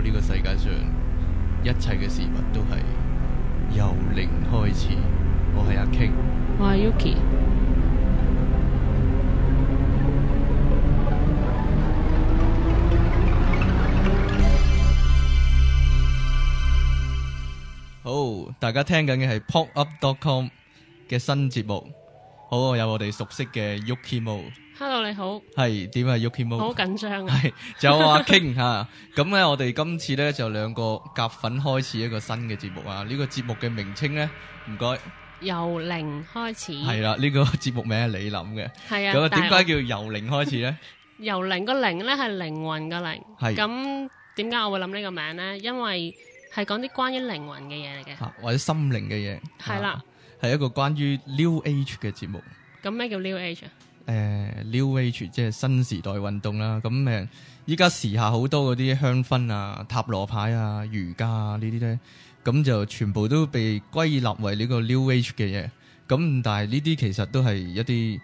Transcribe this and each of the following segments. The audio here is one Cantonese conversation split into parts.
呢、這個世界上一切嘅事物都係由零開始。我係阿 King，我係 Yuki。好，大家聽緊嘅係 PopUp.com 嘅新節目。好，有我哋熟悉嘅 Yuki 模。hello 你好，係點啊？Yuki Mo 好緊張啊，係就我阿傾吓咁咧，我哋今次咧，就兩個夾粉開始一個新嘅節目啊。呢個節目嘅名稱咧，唔該由零開始，係啦，呢個節目名，係你諗嘅係啊。咁啊點解叫由零開始咧？由零個零咧，係靈魂嘅靈，係咁，點解我會諗呢個名咧？因為係講啲關於靈魂嘅嘢嚟嘅，或者心靈嘅嘢，係啦，係一個關於 New Age 嘅節目。咁咩叫 New Age 啊？誒、uh, New Age 即係新時代運動啦，咁誒依家時下好多嗰啲香薰啊、塔羅牌啊、瑜伽啊呢啲咧，咁就全部都被歸納為呢個 New Age 嘅嘢。咁但係呢啲其實都係一啲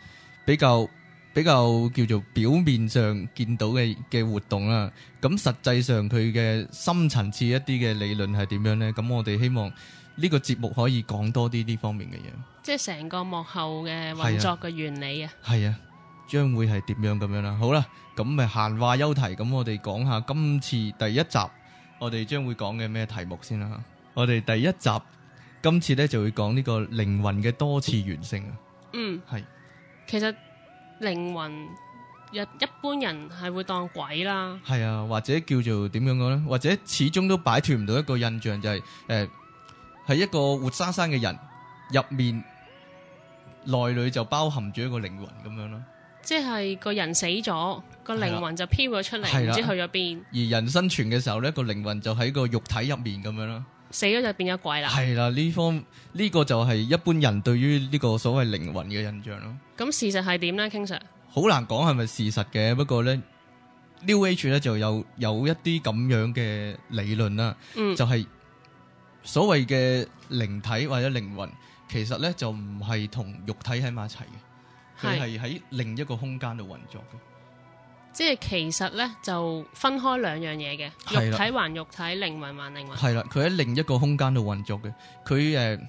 比較比較叫做表面上見到嘅嘅活動啦、啊。咁實際上佢嘅深層次一啲嘅理論係點樣咧？咁我哋希望呢個節目可以講多啲呢方面嘅嘢，即係成個幕後嘅運作嘅原理啊。係啊，將會係點樣咁樣啦。好啦，咁咪閒話休題，咁我哋講下今次第一集，我哋將會講嘅咩題目先啦。我哋第一集今次咧就會講呢個靈魂嘅多次元性啊。嗯，係其實靈魂一一般人係會當鬼啦，係啊，或者叫做點樣講咧？或者始終都擺脱唔到一個印象就係誒。係一個活生生嘅人，入面內裏就包含住一個靈魂咁樣咯。即係個人死咗，個靈魂就飄咗出嚟，唔知去咗邊。而人生存嘅時候咧，個靈魂就喺個肉體入面咁樣咯。死咗就變咗鬼啦。係啦，呢方呢個就係一般人對於呢個所謂靈魂嘅印象咯。咁事實係點咧？King Sir，好難講係咪事實嘅，不過咧 New Age 咧就有有一啲咁樣嘅理論啦，嗯，就係、是。所謂嘅靈體或者靈魂，其實咧就唔係同肉體喺埋一齊嘅，佢係喺另一個空間度運作嘅。即係其實咧就分開兩樣嘢嘅，肉體還肉體，靈魂還靈魂。係啦，佢喺另一個空間度運作嘅，佢，誒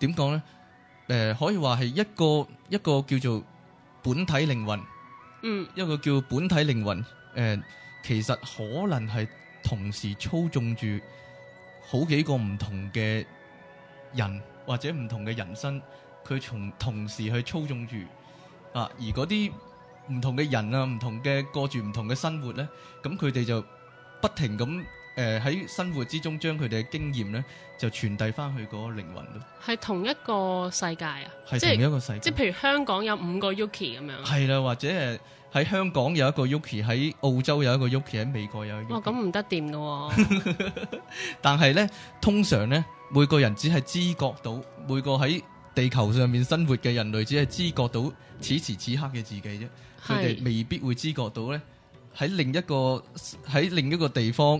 點講咧？誒，可以話係一個一個叫做本體靈魂，嗯，一個叫本體靈魂，誒，其實可能係同時操縱住，好幾個唔同嘅人，或者唔同嘅人生，佢從同時去操縱住啊！而嗰啲唔同嘅人啊，唔同嘅過住唔同嘅生活咧，咁佢哋就不停咁。誒、呃，喺生活之中將佢哋嘅經驗咧，就傳遞翻去個靈魂度。係同一個世界啊，係同一個世界。即係譬如香港有五個 Yuki 咁樣。係啦，或者誒喺香港有一個 Yuki，喺澳洲有一個 Yuki，喺美國有一個 Yuki。哇、哦，咁唔得掂噶。 但係咧，通常咧，每個人只係知覺到每個喺地球上面生活嘅人類，只係知覺到此時此刻嘅自己啫。佢、嗯、哋未必會知覺到咧喺另一個喺另一個地方。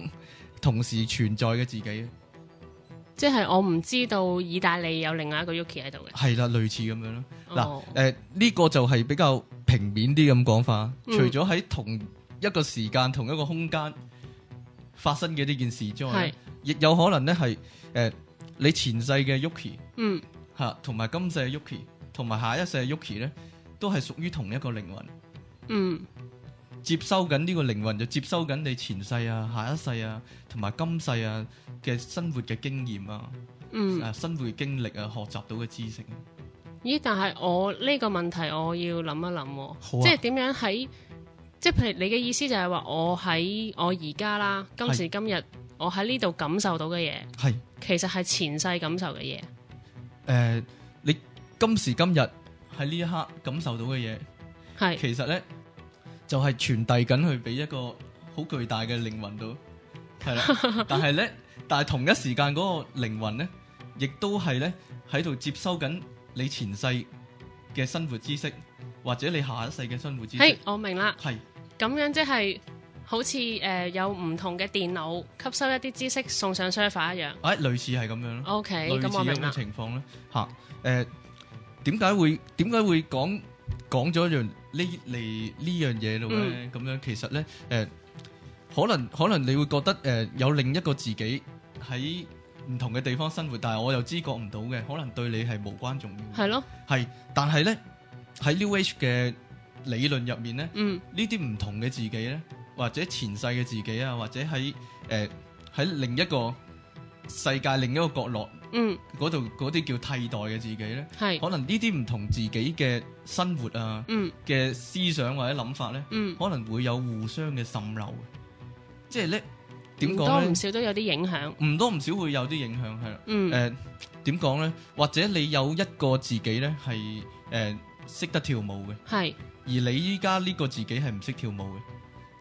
同時存在嘅自己，即係我唔知道意大利有另外一個 Yuki 喺度嘅。係啦，類似咁樣咯。嗱、哦啊，誒、呃，呢、呢個就係比較平面啲咁講法，嗯、除咗喺同一個時間、同一個空間發生嘅呢件事之外，亦有可能咧係，誒、呃，你前世嘅 Yuki，嗯，吓，同埋今世嘅 Yuki，同埋下一世嘅 Yuki 咧，都係屬於同一個靈魂，嗯。接收緊呢個靈魂就接收緊你前世啊、下一世啊、同埋今世啊嘅生活嘅經驗啊，嗯，生活嘅經歷啊，學習到嘅知識。咦？但係我呢個問題，我要諗一諗、啊啊，即係點樣喺，即係譬如你嘅意思就係話，我喺我而家啦，今時今日我喺呢度感受到嘅嘢，係其實係前世感受嘅嘢。誒、呃，你今時今日喺呢一刻感受到嘅嘢，係其實咧。就係、是、傳遞緊去俾一個好巨大嘅靈魂度，係啦。 但係咧，但係同一時間嗰個靈魂咧，亦都係咧喺度接收緊你前世嘅生活知識，或者你下一世嘅生活知識。係、hey，我明啦。係咁樣即、就、係、是、好似、呃、有唔同嘅電腦吸收一啲知識送上 server 一樣。誒、哎，類似係咁樣咯。OK，咁我明啦。情況咧，吓、啊，誒點解會點解會講講咗一樣呢？嚟呢樣嘢咧，咁樣其實咧，誒，可能可能你會覺得誒，有另一個自己喺唔同嘅地方生活，但係我又知覺唔到嘅，可能對你係無關重要。係咯，係，但係咧喺 New Age 嘅理論入面咧，嗯，呢啲唔同嘅自己咧，或者前世嘅自己啊，或者喺誒喺另一個世界另一個角落，嗯，嗰度嗰啲叫替代嘅自己咧，係可能呢啲唔同自己嘅。生活啊嘅思想或者諗法咧，可能會有互相嘅滲漏，即係咧點講咧，唔多唔少都有啲影響，唔多唔少會有啲影響係。誒，點講咧？或者你有一個自己咧係誒識得跳舞嘅，係。而你依家呢個自己係唔識跳舞嘅，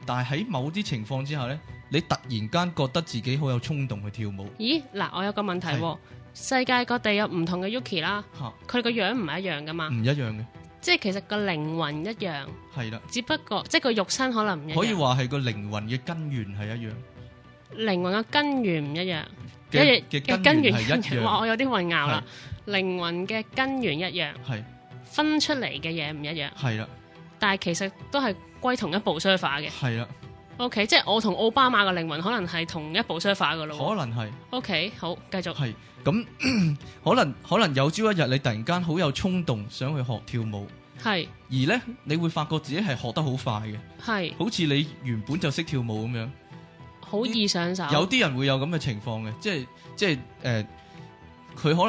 但係喺某啲情況之下咧，你突然間覺得自己好有衝動去跳舞。咦？嗱，我有個問題喎，世界各地有唔同嘅 Yuki 啦，佢個樣唔係一樣噶嘛？唔一樣嘅。即係其實個靈魂一樣，係啦，只不過即係個肉身可能唔一樣，可以話係個靈魂嘅根源係一樣，靈魂嘅根源唔一樣，嘅嘅根源係一樣。我有啲混淆啦，靈魂嘅根源一樣，係分出嚟嘅嘢唔一樣，係啦，但係其實都係歸同一部衰化嘅，係啦。OK，即係我同奧巴馬嘅靈魂可能係同一部衰化嘅咯，可能係。OK，好，繼續。咁 可能可能有朝一日你突然間好有衝動想去學跳舞，係而咧你會發覺自己係學得好快嘅，係好似你原本就識跳舞咁樣，好易上手。嗯、有啲人會有咁嘅情況嘅，即係即係誒，佢、呃、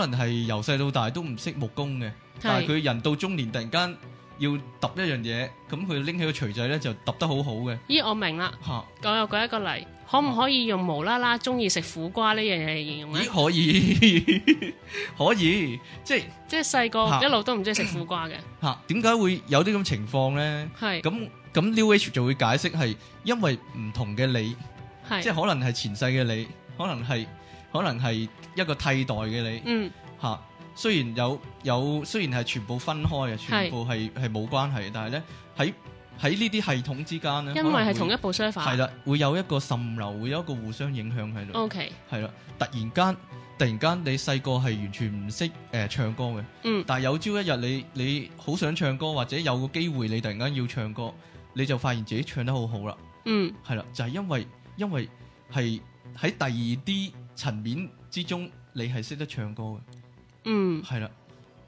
可能係由細到大都唔識木工嘅，但係佢人到中年突然間要揼一樣嘢，咁佢拎起個錘仔咧就揼得好好嘅。咦，我明啦，講又講一個例。可唔可以用無啦啦鍾意食苦瓜呢樣嘢嚟形容咧？咦，可以，可以，即係即係細個一路都唔鍾意食苦瓜嘅。嚇，點解會有啲咁情況咧？係咁咁，New Age 就會解釋係因為唔同嘅你，係即係可能係前世嘅你，可能係可能係一個替代嘅你。嗯。嚇，雖然有有雖然係全部分開嘅，全部係係冇關係，但係咧喺，喺呢啲系統之間咧，因為係同一部 software，係啦，會有一個滲流，會有一個互相影響喺度。O K，係啦，突然間，突然間，你細個係完全唔識誒唱歌嘅，嗯，但係有朝一日你你好想唱歌，或者有個機會你突然間要唱歌，你就發現自己唱得好好啦，嗯，係啦，就係因為因為係喺第二啲層面之中，你係識得唱歌嘅，嗯，係啦。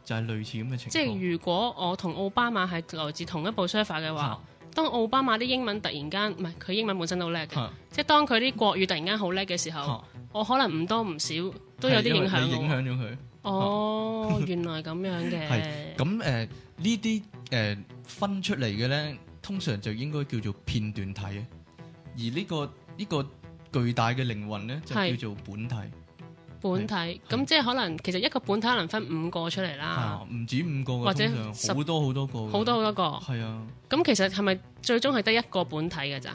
就係、是、類似咁嘅情況即，即係如果我同奧巴馬係來自同一部 server 嘅話，啊、當奧巴馬啲英文突然間唔係佢英文本身都好叻嘅，即係當佢啲國語突然間好叻嘅時候，啊，我可能唔多唔少都有啲影響。影響咗佢，啊。哦、啊、原來咁樣嘅。係。 咁誒呢啲誒分出嚟嘅咧，通常就應該叫做片段體，而呢、呢個呢、呢個巨大嘅靈魂咧，就叫做本體。本體咁即係可能，其實一個本體可能分五個出嚟啦，唔止五個嘅，或者好多好多,多,多個，好多好多個。係啊，咁其實係咪最終係得一個本體㗎咋？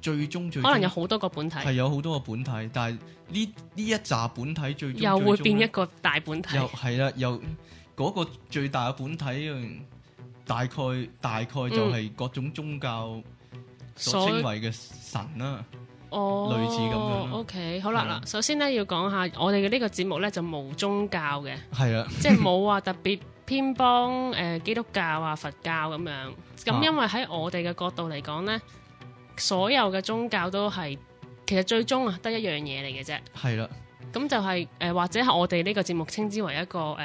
最終最終可能有好多個本體，係有好多個本體，但係呢呢一紮本體最終,最終又會變一個大本體。又係啦，又嗰、嗰個最大嘅本體，大概大概就係各種宗教所稱為嘅神啦、啊。哦，類似咁嘅。OK，好啦，嗱，首先咧要講下，我哋嘅呢個節目咧就無宗教嘅。係啊，即係冇話特別偏幫誒基督教啊、佛教咁樣。咁因為喺我哋嘅角度嚟講咧，所有嘅宗教都係其實最終啊得一樣嘢嚟嘅啫。係啦，咁就係誒或者係我哋呢個節目稱之為一個誒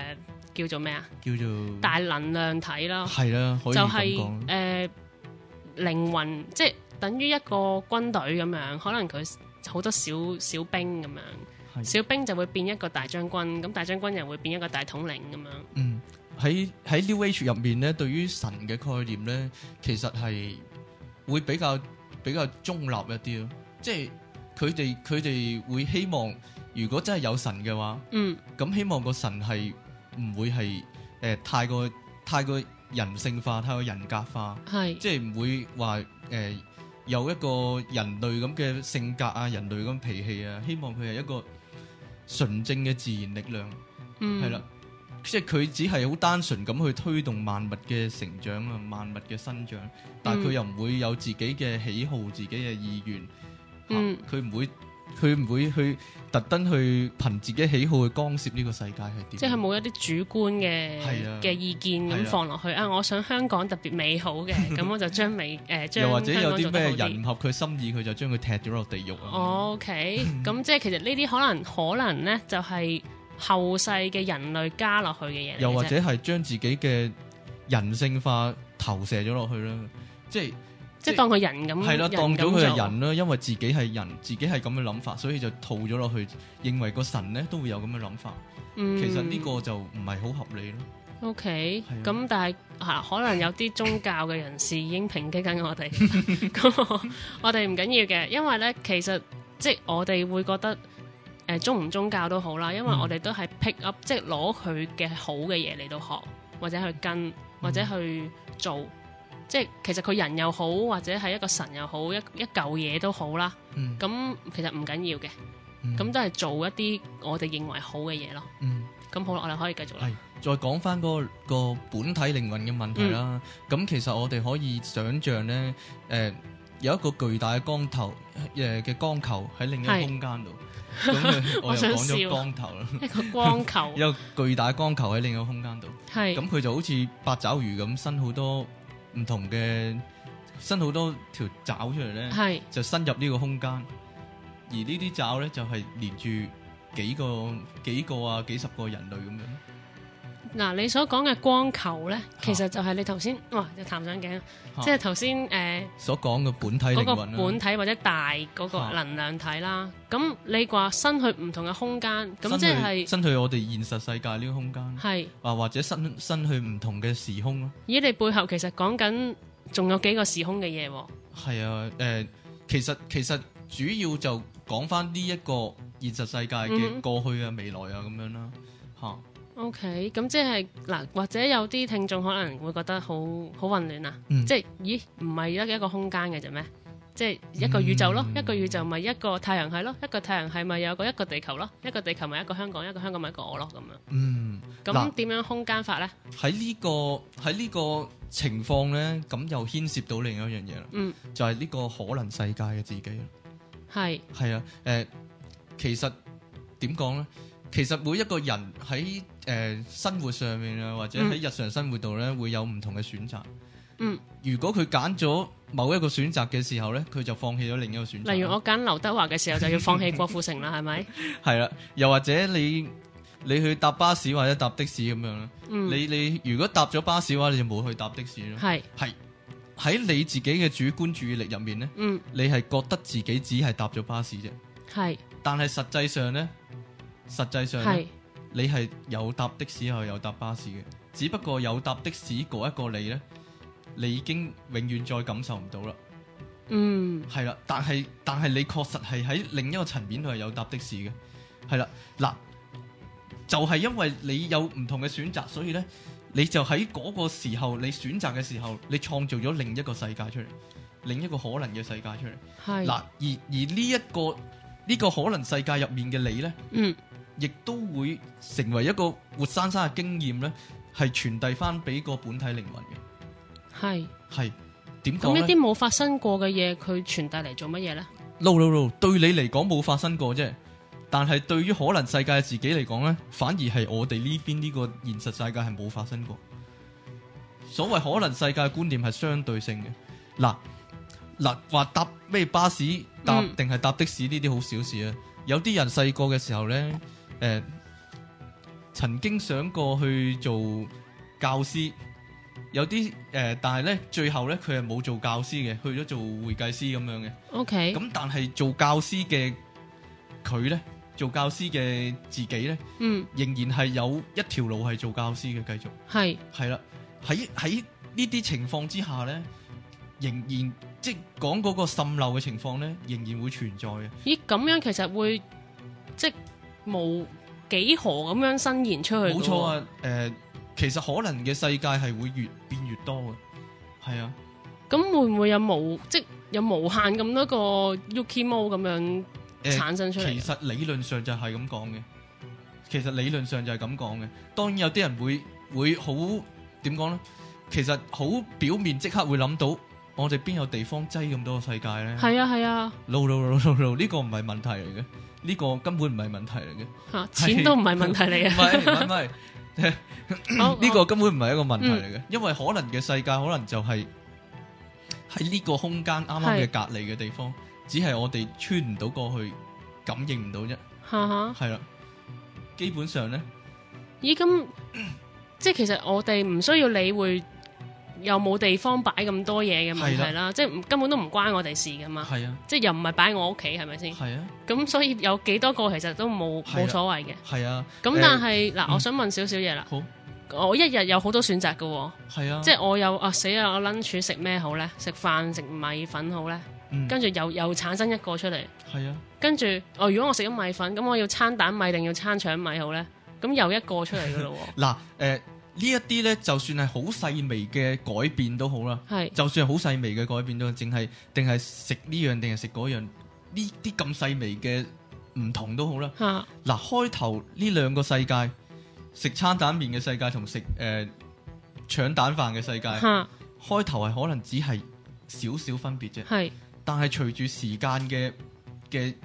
叫做咩啊？叫做大能量體啦。係啦，就係誒靈魂即係。等於一個軍隊咁樣，可能佢好多小小兵咁樣，小兵就會變一個大將軍，咁大將軍又會變一個大統領咁樣。嗯，喺喺 New Age 入面咧，對於神嘅概念咧，其實係會比較比較中立一啲咯。即係佢哋佢哋會希望，如果真係有神嘅話，嗯，咁希望個神係唔會係誒、呃、太過太過人性化，太過人格化，係即係唔會話誒。呃有一個人類咁嘅性格啊，人類咁脾氣啊，希望佢係一個純正嘅自然力量，嗯，係啦，即係佢只係好單純咁去推動萬物嘅成長啊，萬物嘅生長，但係佢又唔會有自己嘅喜好、自己嘅意願，嗯，佢唔會。佢唔會去特登去憑自己喜好去干涉呢個世界係點？即係冇一啲主觀嘅嘅、啊、意見咁、啊、放落去啊,啊！我想香港特別美好嘅，咁 我就將美誒、呃、將又或者有啲咩人,人合佢心意，佢就將佢踢咗落地獄啊、哦、！OK，咁 即係其實呢啲可能可能咧，就係後世嘅人類加落去嘅嘢。又或者係將自己嘅人性化投射咗落去啦，即係。即係當佢人咁，係咯，當咗佢係人咯，因為自己係人，自己係咁嘅諗法，所以就套咗落去，認為個神咧都會有咁嘅諗法、嗯。其實呢個就唔係好合理咯。OK，咁但係吓可能有啲宗教嘅人士已經抨擊緊我哋，咁 我我哋唔緊要嘅，因為咧其實即係我哋會覺得誒、呃，宗唔宗教都好啦，因為我哋都係 pick up，、嗯、即係攞佢嘅好嘅嘢嚟到學，或者去跟，或者去做。嗯即係其實佢人又好，或者係一個神又好，一一嚿嘢都好啦。咁其實唔緊要嘅，咁都係做一啲我哋認為好嘅嘢咯。咁好啦，我哋可以繼續啦。再講翻嗰個個本體靈魂嘅問題啦。咁其實我哋可以想象呢，誒有一個巨大嘅光頭誒嘅光球喺另一個空間度。我又講咗光頭啦，一個光球，一個巨大嘅光球喺另一個空間度。係咁，佢就好似八爪魚咁伸好多。唔同嘅伸好多條爪出嚟咧，就伸入呢個空間，而呢啲爪咧就係、是、連住幾個幾個啊幾十個人類咁樣。嗱、啊，你所講嘅光球咧，其實就係你頭先、啊、哇，又談上鏡、啊，即係頭先誒所講嘅本體嗰、那個、本體或者大嗰個能量體啦。咁、啊、你話伸去唔同嘅空間，咁即係伸去我哋現實世界呢個空間，係啊，或者伸伸去唔同嘅時空咯、啊。咦？你背後其實講緊仲有幾個時空嘅嘢喎？係啊，誒、啊呃，其實其實主要就講返呢一個現實世界嘅過去啊、未來啊咁樣啦，嚇、嗯。啊。O.K. 咁即係嗱，或者有啲聽眾可能會覺得好好混亂啊！嗯、即係咦，唔係一一個空間嘅啫咩？即係一個宇宙咯，嗯、一個宇宙咪一個太陽系咯，一個太陽系咪有個一個地球咯，一個地球咪一個香港，一個香港咪一個我咯咁樣。嗯，咁點樣空間法咧？喺呢個喺呢個情況咧，咁又牽涉到另一樣嘢啦。嗯，就係呢個可能世界嘅自己咯。係係啊，誒、呃，其實點講咧？其實每一個人喺誒、呃，生活上面啊，或者喺日常生活度咧、嗯，會有唔同嘅選擇。嗯，如果佢揀咗某一個選擇嘅時候咧，佢就放棄咗另一個選擇。例如我揀劉德華嘅時候， 就要放棄郭富城啦，係 咪？係啦、啊，又或者你你去搭巴士或者搭的士咁樣咧，你你如果搭咗巴士嘅話，你就冇去搭的士咯。係係喺你自己嘅主觀注意力入面咧，嗯，你係覺得自己只係搭咗巴士啫，係，但係實際上咧，實際上係。你係有搭的士又有搭巴士嘅，只不過有搭的士嗰一個你呢，你已經永遠再感受唔到啦。嗯，係啦，但係但係你確實係喺另一個層面度係有搭的士嘅，係啦，嗱，就係、是、因為你有唔同嘅選擇，所以呢，你就喺嗰個時候你選擇嘅時候，你創造咗另一個世界出嚟，另一個可能嘅世界出嚟。係嗱，而而呢、這、一個呢、這個可能世界入面嘅你呢。嗯。亦都會成為一個活生生嘅經驗咧，係傳遞翻俾個本體靈魂嘅。係係點講咧？一啲冇發生過嘅嘢，佢傳遞嚟做乜嘢咧？No no no，對你嚟講冇發生過啫，但係對於可能世界自己嚟講咧，反而係我哋呢邊呢個現實世界係冇發生過。所謂可能世界嘅觀念係相對性嘅。嗱嗱，話搭咩巴士搭定係搭的士呢啲好小事啊！有啲人細個嘅時候咧。誒，曾經想過去做教師，有啲誒，但係咧，最後咧，佢係冇做教師嘅，去咗做會計師咁樣嘅。OK。咁但係做教師嘅佢咧，做教師嘅自己咧，嗯，仍然係有一條路係做教師嘅，繼續。係，係啦。喺喺呢啲情況之下咧，仍然即係講嗰個滲漏嘅情況咧，仍然會存在嘅。咦，咁樣其實會即係。冇幾何咁樣伸延出去。冇錯啊，誒、呃，其實可能嘅世界係會越變越多嘅。係啊，咁會唔會有無即有無限咁多個 Yuki Mo 咁樣產生出嚟，呃？其實理論上就係咁講嘅。其實理論上就係咁講嘅。當然有啲人會會好點講呢，其實好表面即刻會諗到。我哋邊有地方擠咁多個世界咧？係啊係啊！路路路路路，呢個唔係問題嚟嘅，呢個根本唔係問題嚟嘅。吓，錢都唔係問題嚟嘅。唔係唔係唔係，呢個根本唔係一個問題嚟嘅，因為可能嘅世界可能就係喺呢個空間啱啱嘅隔離嘅地方，只係我哋穿唔到過去，感應唔到啫。吓吓，係啦，基本上咧，咦咁，即係其實我哋唔需要理會。又冇地方擺咁多嘢嘅問題啦，啊，即係根本都唔關我哋事㗎嘛。係啊，即係又唔係擺我屋企，係咪先？係啊。咁所以有幾多個其實都冇冇，啊、所謂嘅。係啊。咁，啊、但係嗱，欸嗯，我想問少少嘢啦。好。我一日有好多選擇㗎喎，哦啊。啊。即係我有啊死啊！我 lunch 食咩好咧？食飯食米粉好咧？跟，嗯、住又又產生一個出嚟。係啊。跟住哦，如果我食咗米粉，咁我要餐蛋米定要餐腸米好咧？咁又一個出嚟㗎咯喎。嗱 誒。欸呢一啲呢，就算係好細微嘅改變都好啦，係就算係好細微嘅改變都，淨係定係食呢樣定係食嗰樣，呢啲咁細微嘅唔同都好啦。嗱、啊，開頭呢兩個世界食餐蛋麵嘅世界同食誒、呃、腸蛋飯嘅世界，開頭係可能只係少少分別啫，係。但係隨住時間嘅嘅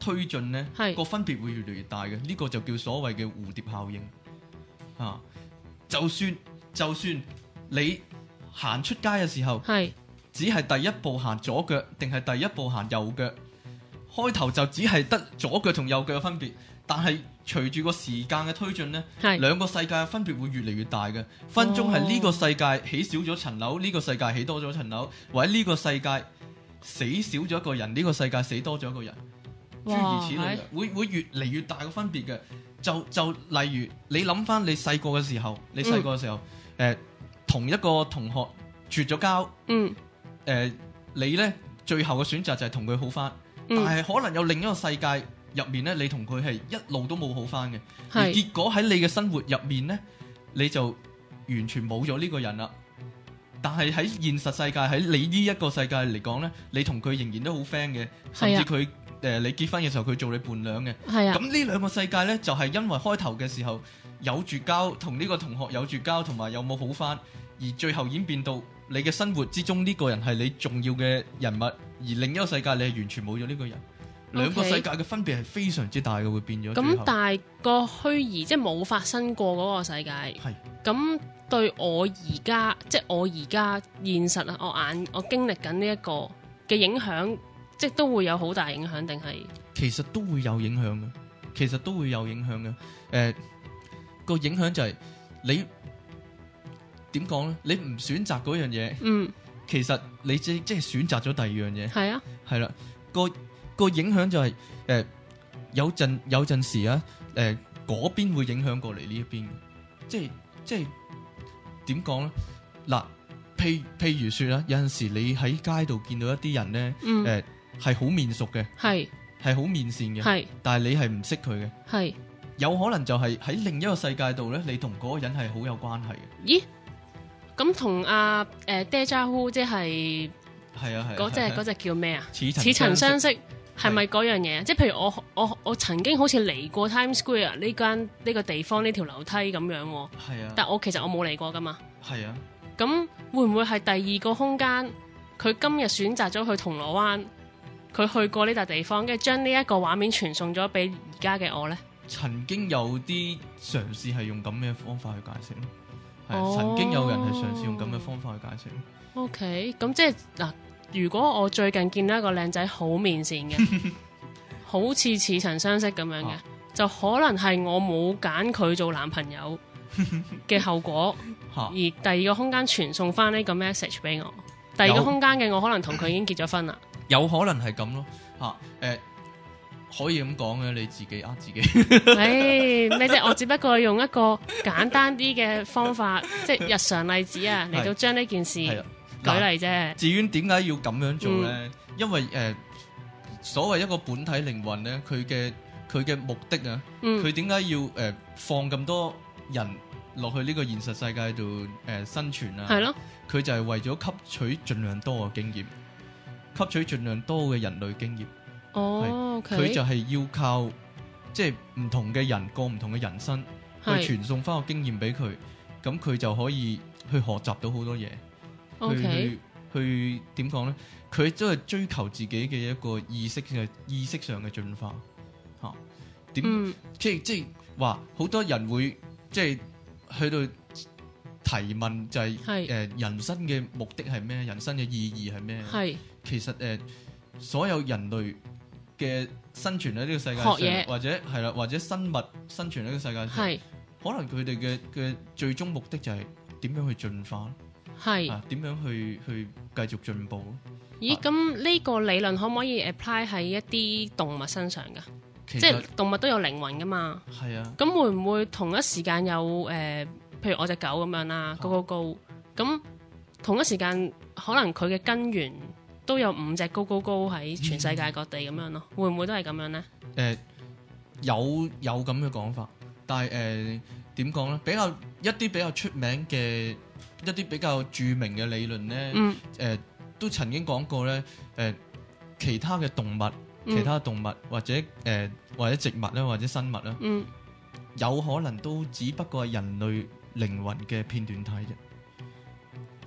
推進呢，係個分別會越嚟越大嘅，呢、呢個就叫所謂嘅蝴蝶效應，啊。就算就算你行出街嘅時候，只係第一步行左腳，定係第一步行右腳，開頭就只係得左腳同右腳嘅分別。但係隨住個時間嘅推進呢，兩個世界嘅分別會越嚟越大嘅。分鐘係呢個世界起少咗層樓，呢、哦這個世界起多咗層樓，或者呢個世界死少咗一個人，呢、這個世界死多咗一個人，諸如此類嘅，會會越嚟越大嘅分別嘅。就就例如，你諗翻你細個嘅時候，你細個嘅時候，誒，同一個同學絕咗交，嗯，誒，你呢最後嘅選擇就係同佢好翻，但係可能有另一個世界入面呢，你同佢係一路都冇好翻嘅，而結果喺你嘅生活入面呢，你就完全冇咗呢個人啦。但係喺現實世界喺你呢一個世界嚟講呢，你同佢仍然都好 friend 嘅，甚至佢。誒、呃，你結婚嘅時候佢做你伴娘嘅，係啊。咁呢兩個世界呢，就係、是、因為開頭嘅時候有絕交，同呢個同學有絕交，同埋有冇好翻，而最後演變到你嘅生活之中呢，這個人係你重要嘅人物，而另一個世界你係完全冇咗呢個人。okay、兩個世界嘅分別係非常之大嘅，會變咗。咁但係個虛擬即係冇發生過嗰個世界，係。咁對我而家，即係我而家現實啊，我眼我經歷緊呢一個嘅影響。即係都會有好大影響，定係其實都會有影響嘅，其實都會有影響嘅。誒個影響就係你點講咧？你唔選擇嗰樣嘢，嗯，其實你即即係選擇咗第二樣嘢，係啊，係啦。個個影響就係誒有陣有陣時啊，誒嗰邊會影響過嚟呢一邊嘅，即係即係點講咧？嗱，譬譬如說啦，有陣時你喺街度見到一啲人咧，誒。係好面熟嘅。係係好面善嘅。係但係你係唔識佢嘅。係有可能就係喺另一個世界度咧，你同嗰個人係好有關係嘅。咦？咁同阿 Déjà vu 即係係啊係嗰隻嗰隻叫咩啊？似似曾相識係咪嗰樣嘢啊？即係譬如我我我曾經好似嚟過 Times Square 呢間呢個地方呢條樓梯咁樣，係啊，但我其實我冇嚟過噶嘛，係啊。咁會唔會係第二個空間？佢今日選擇咗去銅鑼灣？佢去過呢笪地方，跟住將呢一個畫面傳送咗俾而家嘅我呢。曾經有啲嘗試係用咁嘅方法去解釋咯、哦，曾經有人係嘗試用咁嘅方法去解釋。OK，咁即係嗱、啊，如果我最近見到一個靚仔好面善嘅， 好似似曾相識咁樣嘅、啊，就可能係我冇揀佢做男朋友嘅後果、啊，而第二個空間傳送翻呢個 message 俾我。第二個空間嘅我可能同佢已經結咗婚啦。 有可能係咁咯，吓，誒，可以咁講嘅，你自己呃自己。誒，咩啫？我只不過用一個簡單啲嘅方法，即係日常例子啊，嚟到將呢件事舉例啫。至於點解要咁樣做咧？因為誒，所謂一個本體靈魂咧，佢嘅佢嘅目的啊，佢點解要誒放咁多人落去呢個現實世界度誒生存啊？係咯，佢就係為咗吸取盡量多嘅經驗。吸取盡量多嘅人類經驗，佢、oh, okay. 就係要靠即係唔同嘅人過唔同嘅人生去傳送返個經驗俾佢，咁佢就可以去學習到好多嘢、okay. 去去點講咧？佢都係追求自己嘅一個意識嘅意識上嘅進化嚇。點？即係即係話好多人會即係、就是、去到提問就係誒人生嘅目的係咩？人生嘅意義係咩？是其實誒、呃，所有人類嘅生存喺呢個世界上，學或者係啦，或者生物生存喺呢個世界上，係可能佢哋嘅嘅最終目的就係點樣去進化，係啊，點樣去去繼續進步。咦，咁、啊、呢個理論可唔可以 apply 喺一啲動物身上噶？即係、就是、動物都有靈魂噶嘛？係啊。咁會唔會同一時間有誒、呃，譬如我隻狗咁樣啦，高高高咁，啊、同一時間可能佢嘅根源。都有五隻高高高喺全世界各地咁樣咯，嗯、會唔會都係咁樣呢？誒、呃，有有咁嘅講法，但係誒點講呢？比較一啲比較出名嘅、一啲比較著名嘅理論呢，誒、嗯呃、都曾經講過呢，誒、呃、其他嘅動物、其他動物、嗯、或者誒、呃、或者植物咧，或者生物咧、嗯，有可能都只不過係人類靈魂嘅片段體啫。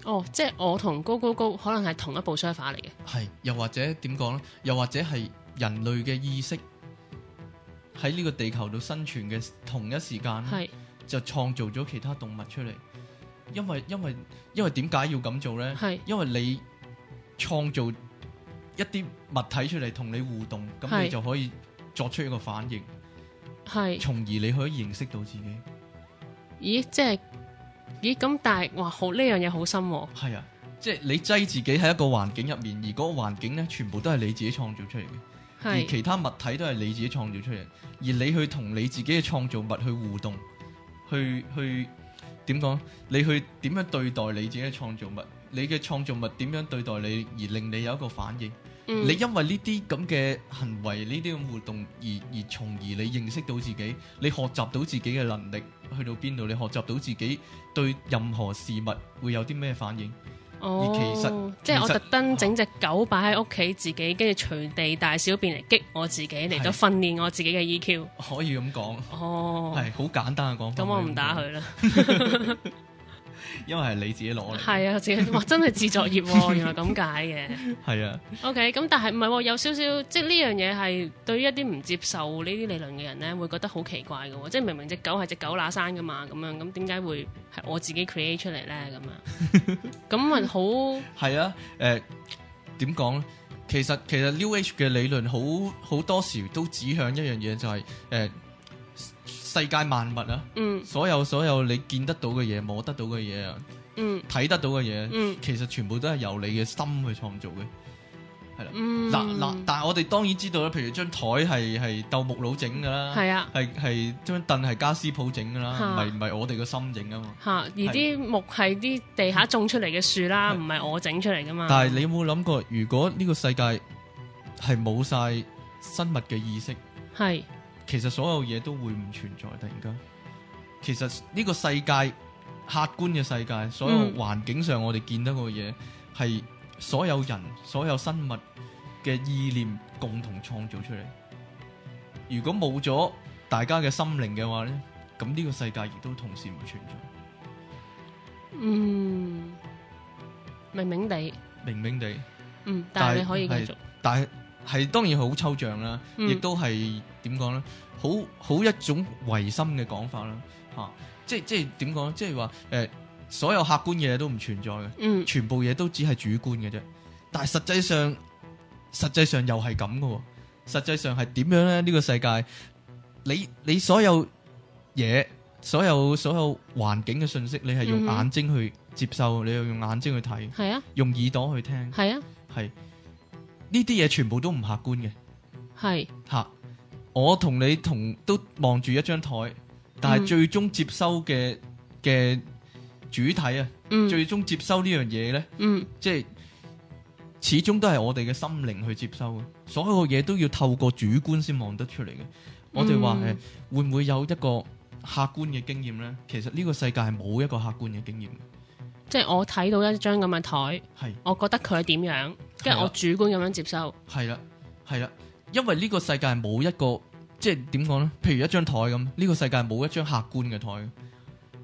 哦，即係我同高高高可能係同一部伺服器嚟嘅。係，又或者點講咧？又或者係人類嘅意識喺呢個地球度生存嘅同一時間，就創造咗其他動物出嚟。因為因為因為點解要咁做咧？係，因為你創造一啲物體出嚟同你互動，咁你就可以作出一個反應，係，從而你可以認識到自己。咦，即係。咦，咁但係，哇，好呢樣嘢好深喎。係啊，即係你擠自己喺一個環境入面，而嗰個環境呢，全部都係你自己創造出嚟嘅，而其他物體都係你自己創造出嚟，而你去同你自己嘅創造物去互動，去去點講？你去點樣對待你自己嘅創造物？你嘅創造物點樣對待你？而令你有一個反應？嗯。你因為呢啲咁嘅行為，呢啲咁活動而而從而你認識到自己，你學習到自己嘅能力。去到邊度，你學習到自己對任何事物會有啲咩反應？哦，而其實即係我特登整隻狗擺喺屋企自己，跟、哦、住隨地大小便嚟激我自己，嚟到訓練我自己嘅 EQ。可以咁講，哦，係好簡單嘅講法。咁我唔打佢啦。 因為係你自己攞嚟，係啊，自己哇，真係自作業，原來咁解嘅，係啊。OK，咁但係唔係喎，有少少，即係呢樣嘢係對於一啲唔接受呢啲理論嘅人咧，會覺得好奇怪嘅。即係明明隻狗係隻狗乸生噶嘛，咁樣咁點解會係我自己 create 出嚟咧？咁啊，咁咪好係啊？誒，點講咧？其實其實 New Age 嘅理論好好多時都指向一樣嘢，就係誒。世界萬物啊、嗯，所有所有你見得到嘅嘢、摸得到嘅嘢、睇、嗯、得到嘅嘢、嗯，其實全部都係由你嘅心去創造嘅，係、嗯、啦。嗱嗱，但係我哋當然知道啦。譬如張台係係斗木佬整噶啦，係啊，係係張凳係家私鋪整噶啦，唔係唔係我哋嘅心整噶嘛。吓，而啲木係啲地下種出嚟嘅樹啦，唔係我整出嚟噶嘛。但係你有冇諗過，如果呢個世界係冇晒生物嘅意識，係？其實所有嘢都會唔存在，突然間，其實呢個世界客觀嘅世界，所有環境上我哋見到嘅嘢係所有人所有生物嘅意念共同創造出嚟。如果冇咗大家嘅心靈嘅話呢，咁呢個世界亦都同時唔存在。嗯，明明地，明明地，嗯，但係你可以繼續，但係當然好抽象啦，亦都係。點講呢？好好一種唯心嘅講法啦，吓、啊，即係即係點講即係話誒，所有客觀嘢都唔存在嘅，嗯，全部嘢都只係主觀嘅啫。但係實際上，實際上又係咁噶，實際上係點樣呢？呢、呢個世界，你你所有嘢，所有所有環境嘅信息，你係用眼睛去接受，嗯、你又用眼睛去睇，係啊，用耳朵去聽，係啊，係呢啲嘢全部都唔客觀嘅，係吓。啊。我同你同都望住一張台，但係最終接收嘅嘅、嗯、主體啊、嗯，最終接收呢樣嘢咧，即係始終都係我哋嘅心靈去接收，所有嘅嘢都要透過主觀先望得出嚟嘅。我哋話誒，會唔會有一個客觀嘅經驗咧？其實呢個世界係冇一個客觀嘅經驗，即係我睇到一張咁嘅台，係，我覺得佢係點樣，跟住我主觀咁樣接收，係啦、啊，係啦，因為呢個世界冇一個。即係點講呢？譬如一張台咁，呢、這個世界冇一張客觀嘅台。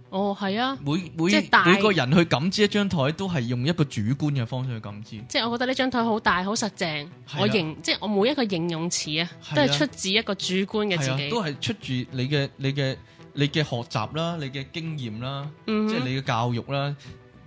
哦，係啊。每每每個人去感知一張台，都係用一個主觀嘅方式去感知。即係我覺得呢張台好大好實淨、啊，我形即係我每一個形容詞啊，啊，都係出自一個主觀嘅自己。是啊、都係出自你嘅你嘅你嘅學習啦，你嘅經驗啦，即、嗯、係、就是、你嘅教育啦。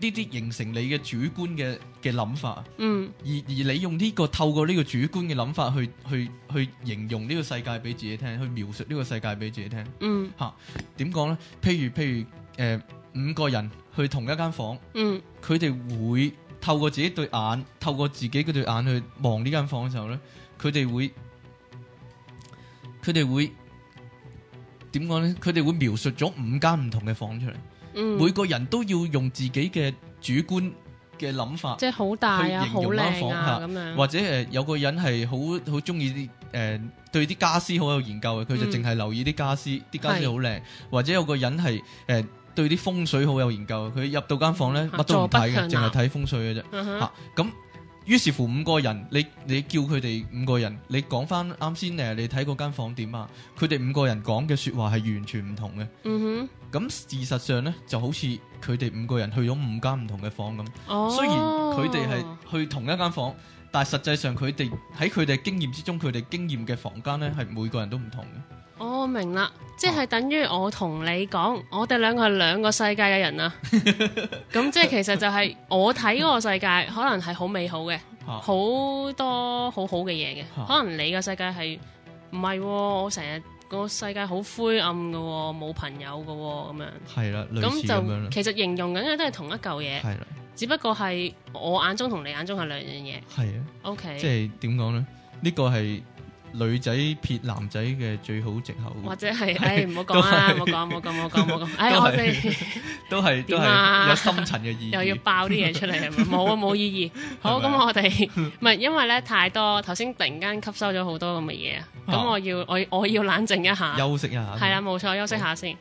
呢啲形成你嘅主觀嘅嘅諗法，嗯，而而你用呢個透過呢個主觀嘅諗法去去去形容呢個世界俾自己聽，去描述呢個世界俾自己聽，嗯，吓點講呢？譬如譬如誒五個人去同一間房，嗯，佢哋會透過自己對眼，透過自己嗰對眼去望呢間房嘅時候呢，佢哋會佢哋會點講呢？佢哋會描述咗五間唔同嘅房出嚟。嗯、每個人都要用自己嘅主觀嘅諗法，即係好大啊，好靚啊咁樣。或者誒、呃，有個人係好好中意啲誒，對啲家私好有研究嘅，佢就淨係留意啲家私。啲家私好靚。或者有個人係誒、呃、對啲風水好有研究，佢入到間房咧，乜都唔睇嘅，淨係睇風水嘅啫嚇咁。嗯。於是乎五個人，你你叫佢哋五個人，你講翻啱先咧，你睇嗰間房點啊？佢哋五個人講嘅説話係完全唔同嘅。咁、嗯、事實上呢，就好似佢哋五個人去咗五間唔同嘅房咁、哦。雖然佢哋係去同一間房，但係實際上佢哋喺佢哋經驗之中，佢哋經驗嘅房間呢，係每個人都唔同嘅。我、oh, 明啦，即係等於我同你講、啊，我哋兩個係兩個世界嘅人啊！咁 即係其實就係我睇嗰個世界，可能係好美好嘅，啊、很多很好多好好嘅嘢嘅。可能你個世界係唔係？我成日個世界好灰暗噶、哦，冇朋友噶咁、哦、樣。係啦，咁就其實形容緊嘅都係同一嚿嘢，係啦，只不過係我眼中同你眼中係兩樣嘢。係啊，OK。即係點講咧？呢、呢個係。女仔撇男仔嘅最好藉口，或者係，唉，唔好講啦，唔好講，唔好講，唔好講，唔好講，唉、哎，我哋都係點啊？有深層嘅意義又要爆啲嘢出嚟，係咪？冇 啊，冇意義。好，咁我哋唔係因為咧太多，頭先突然間吸收咗好多咁嘅嘢啊，咁我要我要我要冷靜一下，休息一下，係啦、啊，冇錯，休息下先。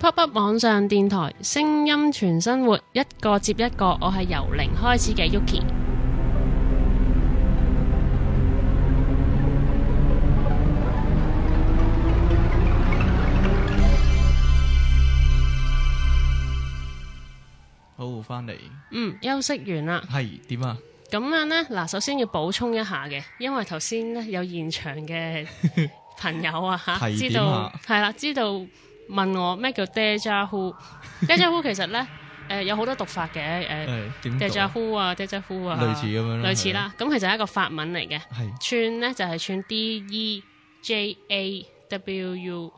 Pop Up 網上電台，聲音全生活，一個接一個，我係由零開始嘅 Yuki。翻嚟，嗯，休息完啦，係點啊？咁樣咧，嗱，首先要補充一下嘅，因為頭先咧有現場嘅朋友啊， 知道係啦，知道問我咩叫 deja h u d e j a h u 其實咧，誒、呃，有好多讀法嘅，誒、呃哎、，deja h u 啊，deja h u 啊，類似咁樣、啊，類似啦，咁其實係一個法文嚟嘅，串咧就係、是、串 d e j a w u，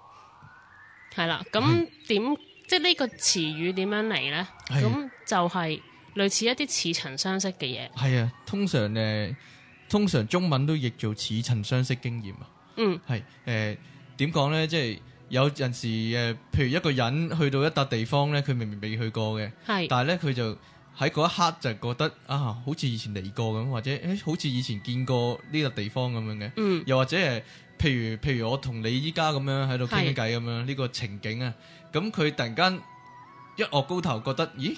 係啦，咁點？ 即係呢個詞語點樣嚟呢？咁、啊、就係、是、類似一啲似曾相識嘅嘢。係啊，通常誒、呃，通常中文都譯做似曾相識經驗啊。嗯，係誒點講呢？即係有陣時誒、呃，譬如一個人去到一笪地方佢明明呢，佢明明未去過嘅，係，但係呢，佢就喺嗰一刻就覺得啊，好似以前嚟過咁，或者誒，好似以前見過呢笪地方咁樣嘅。嗯，又或者係。譬如譬如我同你依家咁樣喺度傾偈咁樣，呢個情景啊，咁佢突然間一落高頭，覺得，咦，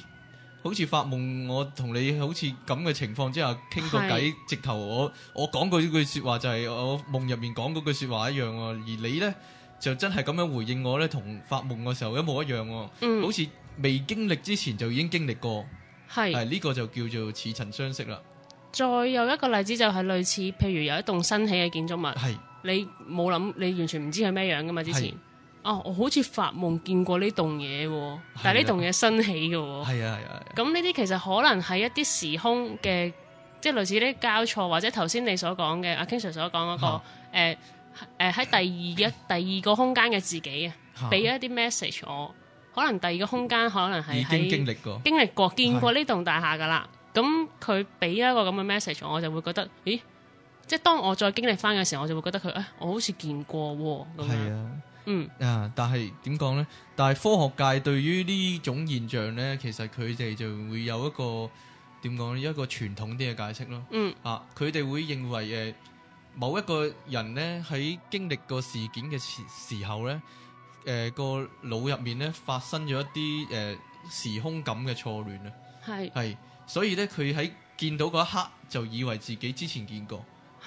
好似發夢。我同你好似咁嘅情況之下傾個偈，直頭我我講過呢句說話就係我夢入面講嗰句說話一樣喎。而你呢就真係咁樣回應我呢，同發夢嘅時候一模一樣喎，好似未經歷之前就已經經歷過係。呢個就叫做似曾相識啦。再有一個例子就係類似譬如有一棟新起嘅建築物係。你冇諗，你完全唔知佢咩樣噶嘛，之前，哦，我好似發夢見過呢棟嘢，但係呢棟嘢新起嘅。係啊係啊。咁呢啲其實可能係一啲時空嘅，即係類似啲交錯，或者頭先你所講嘅阿 King Sir 所講嗰個，誒誒喺第二一第二個空間嘅自己啊，俾一啲 message 我，可能第二個空間可能係已經經歷過，經歷過見過呢棟大廈噶啦，咁佢俾一個咁嘅 message 我，我就會覺得，咦？即係當我再經歷翻嘅時候，我就會覺得佢誒、哎，我好似見過咁樣。係、哦、啊，嗯啊，但係點講呢？但係科學界對於呢種現象呢，其實佢哋就會有一個點講呢？一個傳統啲嘅解釋咯。嗯、啊，佢哋會認為誒、呃，某一個人呢，喺經歷過事件嘅時時候呢，誒、呃、個腦入面呢，發生咗一啲誒、呃、時空感嘅錯亂啊。係係，所以呢，佢喺見到嗰一刻就以為自己之前見過。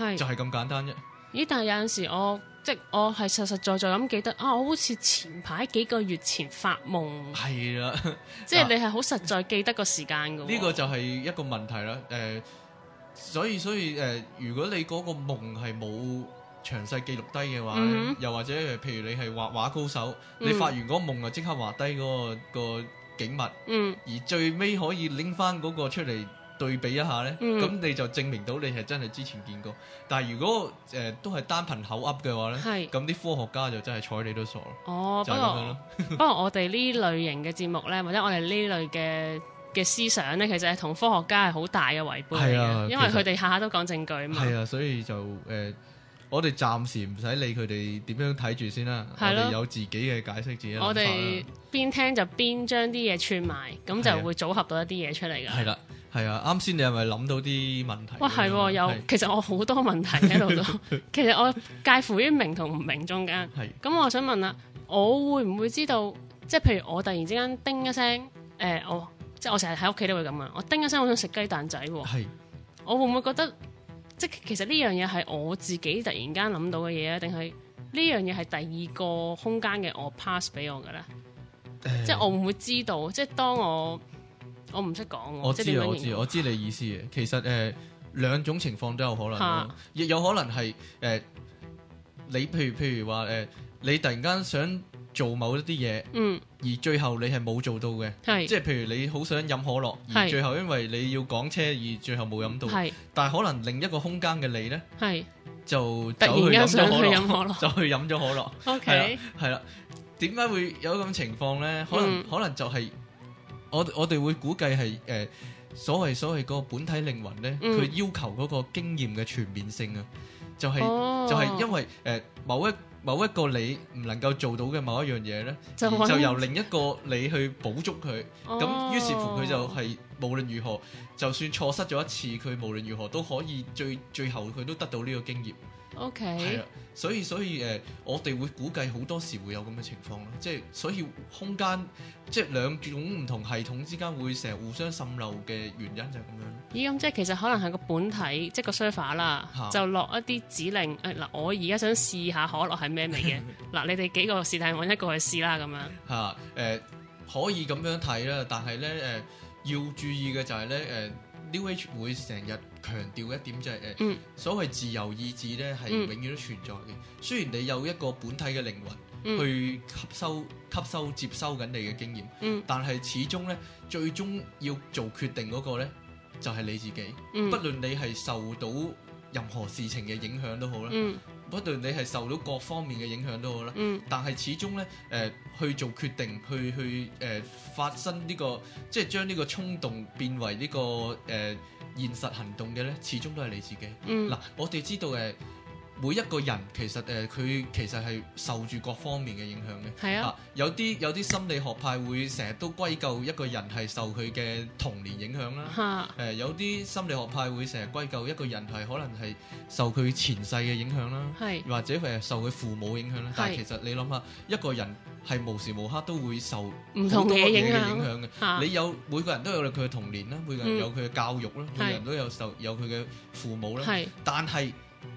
係就係、是，咁簡單啫。咦！但係有陣時候我即我係實實在在咁記得啊，我好似前排幾個月前發夢。係啦， 即係你係好實在記得個時間噶、哦。呢、啊，這個就係一個問題啦。誒、呃，所以所以誒、呃，如果你嗰個夢係冇詳細記錄低嘅話、嗯，又或者譬如你係畫畫高手，嗯、你發完嗰個夢就即刻畫低嗰、那個那個景物，嗯，而最尾可以拎翻嗰個出嚟對比一下咧，咁、嗯、你就證明到你係真係之前見過。但係如果、呃、都係單憑口噏嘅話咧，咁啲科學家就真係睬你都傻。哦，就是、不過 不過我哋呢類型嘅節目咧，或者我哋呢類嘅嘅思想咧，其實係同科學家係好大嘅違背嘅、啊，因為佢哋下下都講證據嘛。係啊，所以就、呃、我哋暫時唔使理佢哋點樣睇住先啦。係咯、啊、有自己嘅解釋。啊、自己我哋邊聽就邊將啲嘢串埋，咁、啊、就會組合到一啲嘢出嚟㗎。係啦、啊。係啊，啱先你係咪諗到啲問題？哇，係，啊，有，其實我好多問題喺度咯。 其實我介乎於明同唔明中間。咁我想問啦，啊，我會唔會知道？即係譬如我突然之間叮一聲，誒，我即係我成日喺屋企都會咁啊！我叮一聲，我想食雞蛋仔喎。我會唔會覺得？即係其實呢樣嘢係我自己突然間諗到嘅嘢啊？定係呢樣嘢係第二個空間嘅我 pass 俾我嘅咧？即係我會唔會知道？即係當我。我唔識講，我知我知，我知，我知，我知你意思 其實誒，兩、呃、種情況都有可能， 亦有可能係誒、呃，你譬如譬如話誒、呃，你突然間想做某一啲嘢，嗯，而最後你係冇做到嘅，即係譬如你好想飲可樂，而最後因為你要趕車而最後冇飲到，但係可能另一個空間嘅你呢，係就突然間想去飲可樂，就去飲咗可樂 ，OK，係啦、啊，點解、啊、會有咁情況呢？可能、嗯、可能就係、是。我我哋會估計係誒所謂所謂個本體靈魂咧，佢、嗯、要求嗰個經驗嘅全面性啊，就係、是哦、就係、是、因為誒、呃、某一某一個你唔能夠做到嘅某一樣嘢咧，就，就由另一個你去捕捉佢，咁、哦、於是乎佢就係、是、無論如何，就算錯失咗一次，佢無論如何都可以最最後佢都得到呢個經驗。O K，係啊，所以所以誒、呃，我哋會估計好多時會有咁嘅情況咯，即、就、係、是、所以空間即係、就是、兩種唔同系統之間會成日互相滲漏嘅原因就係咁樣。咦、嗯？咁即係其實可能係個本體，即、就、係、是、個 server 啦，啊、就落一啲指令。誒、哎、嗱，我而家想試下可樂係咩味嘅。嗱， 你哋幾個試睇，我一個去試啦，咁樣。嚇、啊、誒、呃，可以咁樣睇啦，但係咧誒，要注意嘅就係咧誒。呃 New Age 會成日強調一點就係、誒嗯、所謂自由意志咧係永遠都存在嘅、嗯。雖然你有一個本體嘅靈魂去吸收、嗯、吸收、接收緊你嘅經驗，嗯、但係始終咧最終要做決定嗰個咧就係你自己。嗯、不論你係受到任何事情嘅影響都好啦。嗯不論你係受到各方面嘅影響都好啦、嗯，但係始終呢誒、呃、去做決定去去誒、呃、發生呢、這個即係將呢個衝動變為呢、這個誒、呃、現實行動嘅呢，始終都係你自己。嗱、嗯，我哋知道誒。呃每一個人其實誒佢、呃、其實係受住各方面嘅影響嘅、啊，啊，有啲有啲心理學派會成日都歸咎一個人係受佢嘅童年影響啦、啊呃，有啲心理學派會成日歸咎一個人係可能係受佢前世嘅影響啦，或者誒受佢父母影響啦。但其實你諗下，一個人係無時無刻都會受好多嘢嘅影響嘅、啊，你有每個人都有佢嘅童年啦，每個人都有佢嘅教育啦、嗯，每個人都有受有佢嘅父母啦，但係，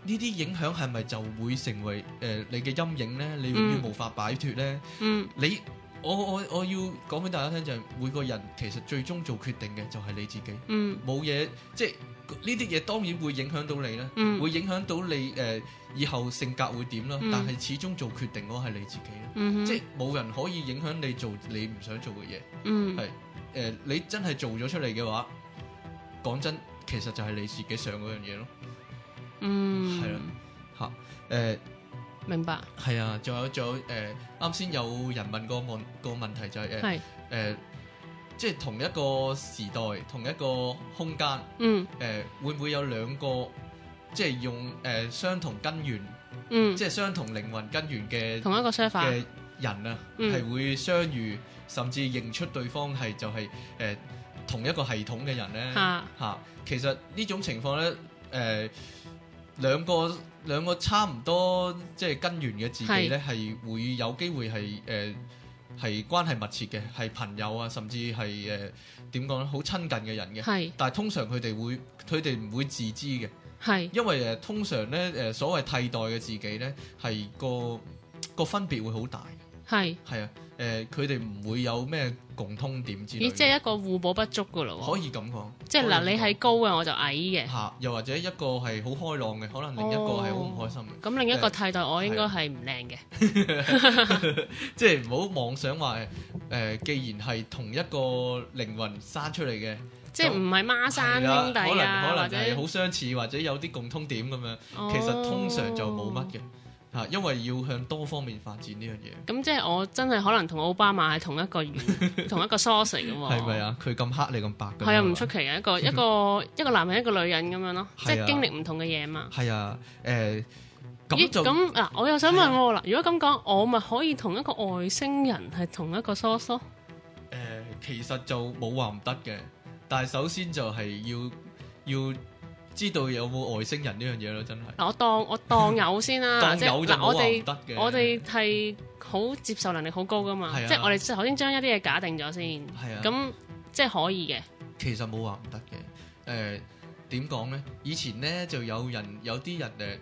呢啲影響係咪就會成為誒、呃、你嘅陰影呢？你永遠無法擺脱咧、嗯？你我我我要講俾大家聽就係每個人其實最終做決定嘅就係你自己，冇、嗯、嘢即係呢啲嘢當然會影響到你啦、嗯，會影響到你誒、呃、以後性格會點啦、嗯，但係始終做決定嗰個係你自己、嗯、即係冇人可以影響你做你唔想做嘅嘢，係、嗯、誒、呃、你真係做咗出嚟嘅話，講真，其實就係你自己想嗰樣嘢咯。嗯，係嗯、啊，吓、啊，誒、欸，明白，係啊，仲有仲有，誒，啱、呃、先有人問過我個問題就係、是，誒，誒、呃，即係同一個時代同一個空間，嗯，誒、呃，會唔會有兩個，即係用誒、呃、相同根源，嗯，即係相同靈魂根源嘅同一個相反嘅人啊，係、嗯、會相遇，甚至認出對方係就係、是，誒、呃，同一個系統嘅人咧？吓、啊，吓、啊，其實呢種情況咧，誒、呃。兩個兩個差唔多即係根源嘅自己呢，係會有機會係誒係關係密切嘅，係朋友啊，甚至係誒點講呢？好、呃、親近嘅人嘅。係，但係通常佢哋會佢哋唔會自知嘅。係，因為誒通常呢，誒、呃、所謂替代嘅自己呢，係個個分別會好大。係，係啊。誒佢哋唔會有咩共通點之類嘅，咦？即係一個互補不足嘅咯喎，可以咁講，即係嗱，你係高嘅，我就矮嘅，嚇，又或者一個係好開朗嘅，可能另一個係好唔開心嘅，咁另一個替代我應該係唔靚嘅，即係唔好妄想話誒，既然係同一個靈魂生出嚟嘅，即係唔係孖生兄弟啊，可能，可能，或者好相似，或者有啲共通點咁樣，其實通常就冇乜嘅。因為要向多方面發展呢樣嘢，咁即係我真係可能同奧巴馬係同一個 同一個 source 嘅喎、啊。係咪啊？佢咁黑，你咁白嘅？係啊，唔出奇啊！一個一個 一個男人一個女人咁樣咯，即係、啊、經歷唔同嘅嘢嘛。係啊，誒咁咁嗱，我又想問我嗱，啊、如果咁講，我咪可以同一個外星人係同一個 source？誒、呃，其實就冇話唔得嘅，但係首先就係要要。要知道有冇外星人呢樣嘢咯，真係。我當我當有先啦，即係嗱，我哋我哋係好接受能力好高噶嘛，啊、即係我哋首先將一啲嘢假定咗先，咁、啊、即係可以嘅。其實冇話唔得嘅，誒、呃，點講咧？以前咧就有人有啲人誒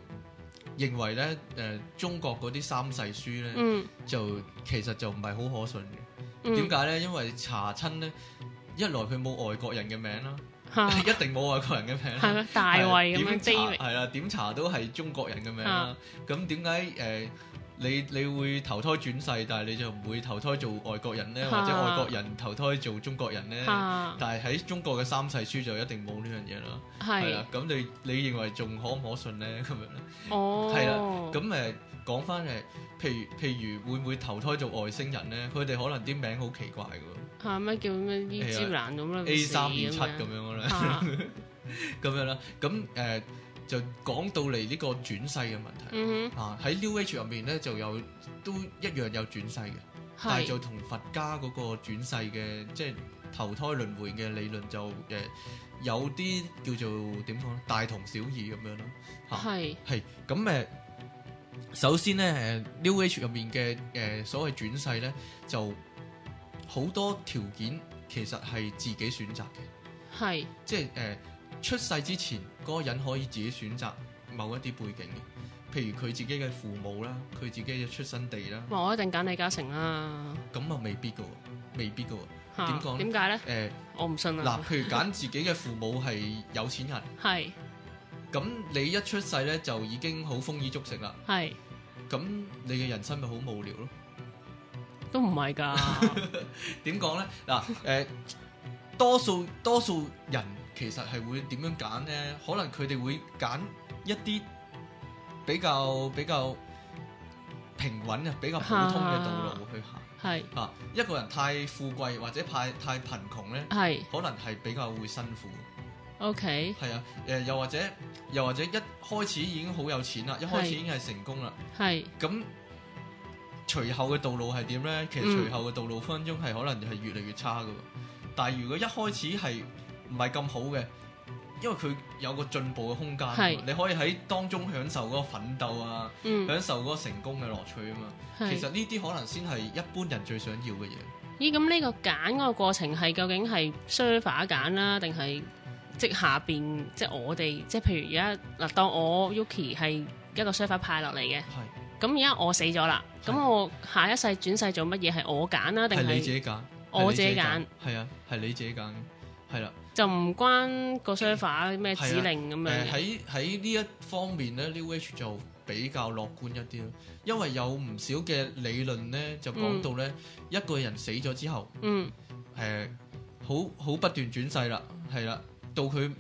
認為咧，誒、呃，中國嗰啲三世書咧、嗯，就其實就唔係好可信嘅。點解咧？因為查親咧，一來佢冇外國人嘅名啦。 一定冇外國人嘅名，係咩？大衞咁樣畀名，係啦。點、啊查，啊、查都係中國人嘅名啦，啊。咁點解誒你你會投胎轉世，但係你就唔會投胎做外國人咧，啊、或者外國人投胎做中國人咧？啊、但係喺中國嘅三世書就一定冇呢樣嘢啦，是啊是啊。係啦，咁你你認為仲可唔可信咧？咁樣咧，哦啊，哦，係、呃、啦。咁誒講翻誒，譬如譬如會唔會投胎做外星人咧？佢哋可能啲名好奇怪嘅嚇、啊、咩叫咩依茲蘭咁啦？A 三二七咁樣啦，咁、啊、 樣啦。咁誒、呃、就講到嚟呢個轉世嘅問題。嚇、嗯、喺、啊、New Age 入面咧，就有都一樣有轉世嘅，但係就同佛家嗰個轉世嘅即係投胎輪迴嘅理論就誒有啲叫做點講咧？大同小異咁樣咯。係係咁誒。首先咧誒，New Age 入面嘅誒、呃、所謂轉世咧就。好多條件其實係自己選擇嘅，係即係誒、呃、出世之前嗰個人可以自己選擇某一啲背景嘅，譬如佢自己嘅父母啦，佢自己嘅出生地啦。我一定揀李嘉誠啦。咁啊未必噶喎，未必噶喎。點講？點解咧？誒、呃，我唔信啦。嗱、呃，譬如揀自己嘅父母係有錢人，係 咁你一出世咧就已經好豐衣足食啦。係咁，你嘅人生咪好無聊咯？都唔係噶點講咧？嗱、呃，誒， 多數多數人其實係會點樣揀咧？可能佢哋會揀一啲比較比較平穩嘅、比較普通嘅道路去行。係啊，啊，一個人太富貴或者太太貧窮咧，係可能係比較會辛苦。OK，係啊，誒、呃，又或者又或者一開始已經好有錢啦，一開始已經係成功啦。係咁。隨後嘅道路係點咧？其實隨後嘅道路分分鐘係可能係越嚟越差噶。但係如果一開始係唔係咁好嘅，因為佢有個進步嘅空間，你可以喺當中享受嗰個奮鬥啊，享受嗰個成功嘅樂趣啊嘛。其實呢啲可能先係一般人最想要嘅嘢 Aaron。咦？咁、嗯、呢、欸、個揀嗰個過程係究竟係 Soul 揀啦，定係即係下邊即、就是、我哋即譬如而家嗱，當我 Yuki 係一個 Soul 派落嚟嘅。咁而家我死咗啦，咁我下一世轉世做乜嘢？係我揀啊，定係你自己揀？我自己揀。係啊，係你自己揀嘅，係啦。就唔關個 server 咩指令咁樣。喺喺呢一方面咧，New Age 就比較樂觀一啲咯，因為有唔少嘅理論咧就講到咧、嗯，一個人死咗之後，嗯，誒、呃，好好不斷轉世啦，係啦，到佢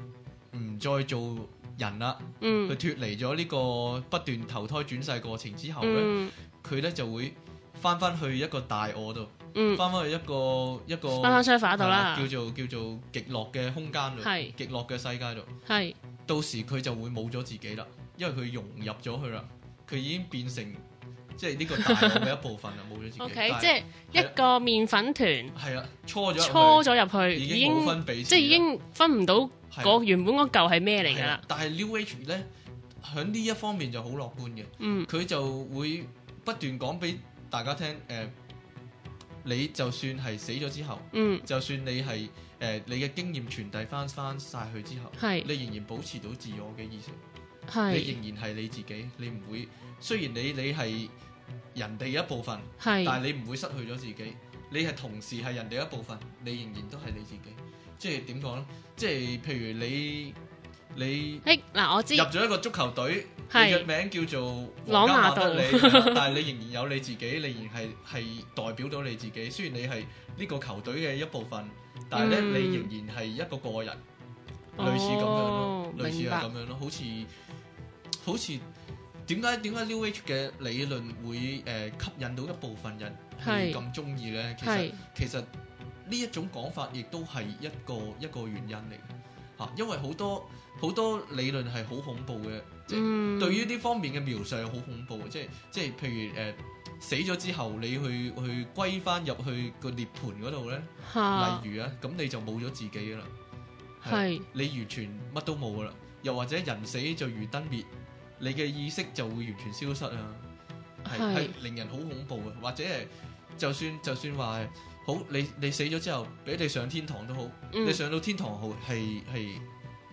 唔再做。人啦，佢、嗯、脫離咗呢個不斷投胎轉世過程之後咧，佢、嗯、咧就會翻翻去一個大我度，翻、嗯、翻去一個一個翻翻相反度啦，叫做叫做極樂嘅空間度，極樂嘅世界度。係到時佢就會冇咗自己啦，因為佢融入咗去啦，佢已經變成。 即係呢個蛋嘅一部分啦，冇咗自己。 o、okay, K，即係一個麵粉團。係啊，搓咗搓咗入去，已經冇分別，即係已經分唔到、嗰個、係啊、原本嗰嚿係咩嚟㗎啦。但係 New Age 咧，喺呢一方面就好樂觀嘅。嗯，佢就會不斷講俾大家聽，誒、呃，你就算係死咗之後，嗯，就算你係誒、呃，你嘅經驗傳遞翻翻晒去之後，係，你仍然保持到自我嘅意識，係，你仍然係你自己，你唔會，雖然你你係。人哋一部分，但係你唔會失去咗自己，你係同時係人哋一部分，你仍然都係你自己。即係點講咧？即係譬如你，你入咗一個足球隊，嘅，欸，名叫做朗拿度，馬 但係你仍然有你自己，你仍然係係代表到你自己。雖然你係呢個球隊嘅一部分，但係呢、嗯，你仍然係一個個人，類似咁樣咯，哦，類似係咁樣咯，好似好似。點解點解 New Age 嘅理論會誒、呃、吸引到一部分人咁中意咧？其實是其實呢一種講法亦都係一個一個原因嚟嘅嚇，因為好多好多理論係好恐怖嘅，即、嗯、係、就是、對於呢方面嘅描述係好恐怖嘅，即係即係譬如誒、呃、死咗之後，你去去歸翻入去個涅槃嗰度咧，例如啊，咁你就冇咗自己啦，係你完全乜都冇噶啦，又或者人死就如燈滅，你嘅意識就會完全消失啊，係係令人好恐怖嘅，或者係就算就算話好，你你死咗之後，俾你上天堂都好，嗯，你上到天堂好係係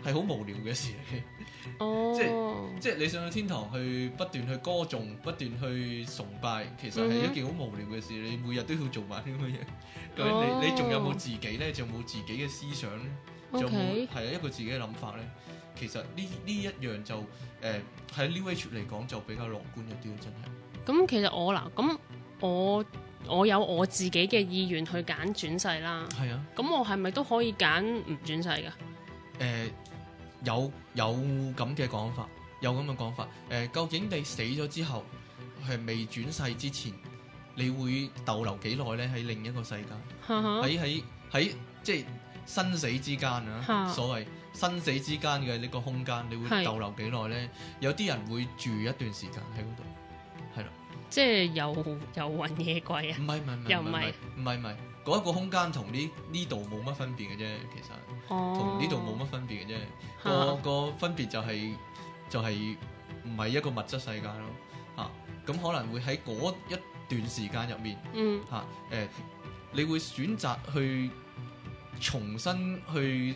係好無聊嘅事嚟嘅，即係即係你上到天堂去不斷去歌頌、不斷去崇拜，其實係一件好無聊嘅事，嗯，你每日都要做埋呢個嘢，咁、哦、你你仲有冇自己咧？仲有冇自己嘅思想咧？仲有冇係啊一個自己嘅諗法咧？其實呢呢一樣就誒喺 new age 嚟講就比較樂觀一啲咯，真係。咁其實我嗱，咁我我有我自己嘅意願去揀轉世啦。係啊。咁我係咪都可以揀唔轉世噶？誒、呃，有有咁嘅講法，有咁嘅講法。誒、呃，究竟你死咗之後，係未轉世之前，你會逗留幾耐咧？喺另一個世界，喺喺喺即係生死之間啊，所謂。生死之間嘅呢個空間，你會逗留幾耐咧？有啲人會住一段時間喺嗰度，係啦。即係有遊魂野鬼啊？唔係唔係唔係唔係唔係唔係，嗰一、那個空間同呢呢度冇乜分別嘅啫，其實。哦。同呢度冇乜分別嘅啫，個、啊那個分別就係、是、就係唔係一個物質世界咯。嚇、啊，咁可能會喺嗰一段時間入面，嚇、嗯、誒、啊欸，你會選擇去重新去。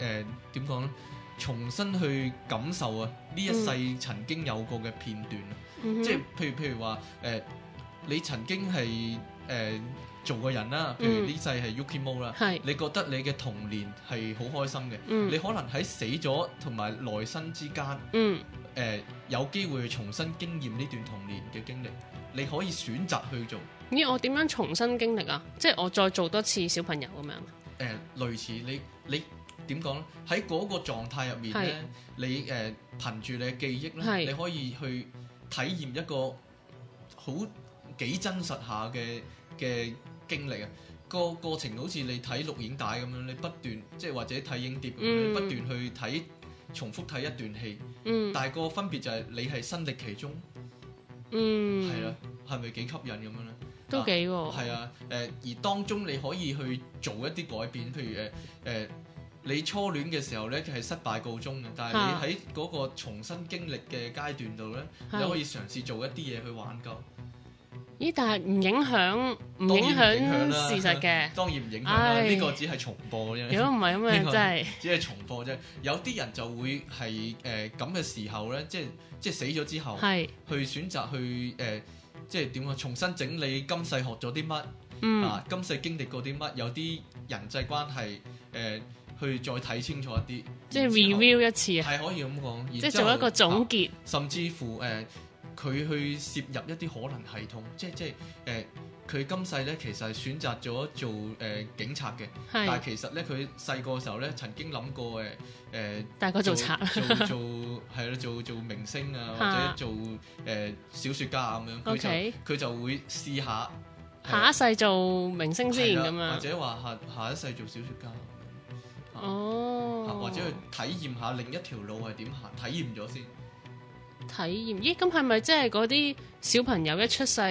誒、呃，點講咧？重新去感受啊，呢一世曾經有過嘅片段、啊嗯，即係譬如譬如話誒、呃，你曾經係誒、呃、做過人啦、啊，譬如呢世係 Yuki Mo 啦、啊，你覺得你嘅童年係好開心嘅、嗯，你可能喺死咗同埋來生之間，誒、嗯呃、有機會重新經驗呢段童年嘅經歷，你可以選擇去做。咦，我點樣重新經歷啊？即係我再做多次小朋友咁樣？誒、呃，類似你你。你點講咧？喺嗰個狀態入面咧，你誒、呃、憑住你嘅記憶咧，你可以去體驗一個好幾真實下嘅嘅經歷啊。個過程好似你睇錄影帶咁樣，你不斷即係或者睇影碟咁樣，嗯、不斷去睇、重複睇一段戲、嗯。但係個分別就係你係身歷其中，係、嗯、啦，係咪幾吸引咁樣咧？都幾喎。係啊，誒、啊呃、而當中你可以去做一啲改變，譬如誒誒。呃呃你初戀嘅時候呢，佢係失敗告終嘅。但係你喺嗰個重新經歷嘅階段度呢、啊，你可以嘗試做一啲嘢去挽救。咦？但係唔影響，唔影響，影響事實嘅。當然唔影響啦。呢、呢個只係重播啫。如果唔係咁樣，影真係只係重播啫。有啲人就會係誒咁嘅時候呢，即即死咗之後是，去選擇去誒、呃，即點講重新整理今世學咗啲乜啊？今世經歷過啲乜？有啲人際關係誒。呃去再睇清楚一啲，即係 review 一次啊，係可以咁講，即係做一個總結，啊、甚至乎誒佢、呃、去攝入一啲可能系統，即係即係誒佢今世咧其實係選擇咗做誒、呃、警察嘅，但係其實咧佢細個時候咧曾經諗過誒誒、呃、大個做賊做做係咯做做, 做,做,做明星啊或者做誒、呃、小說家咁、啊、樣，佢 就佢就會試下下一世做明星先咁樣，或者話下下一世做小說家。哦、oh.，或者去體驗下另一條路係點行，體驗咗先。體驗。咦？咁係咪即係嗰啲小朋友一出世，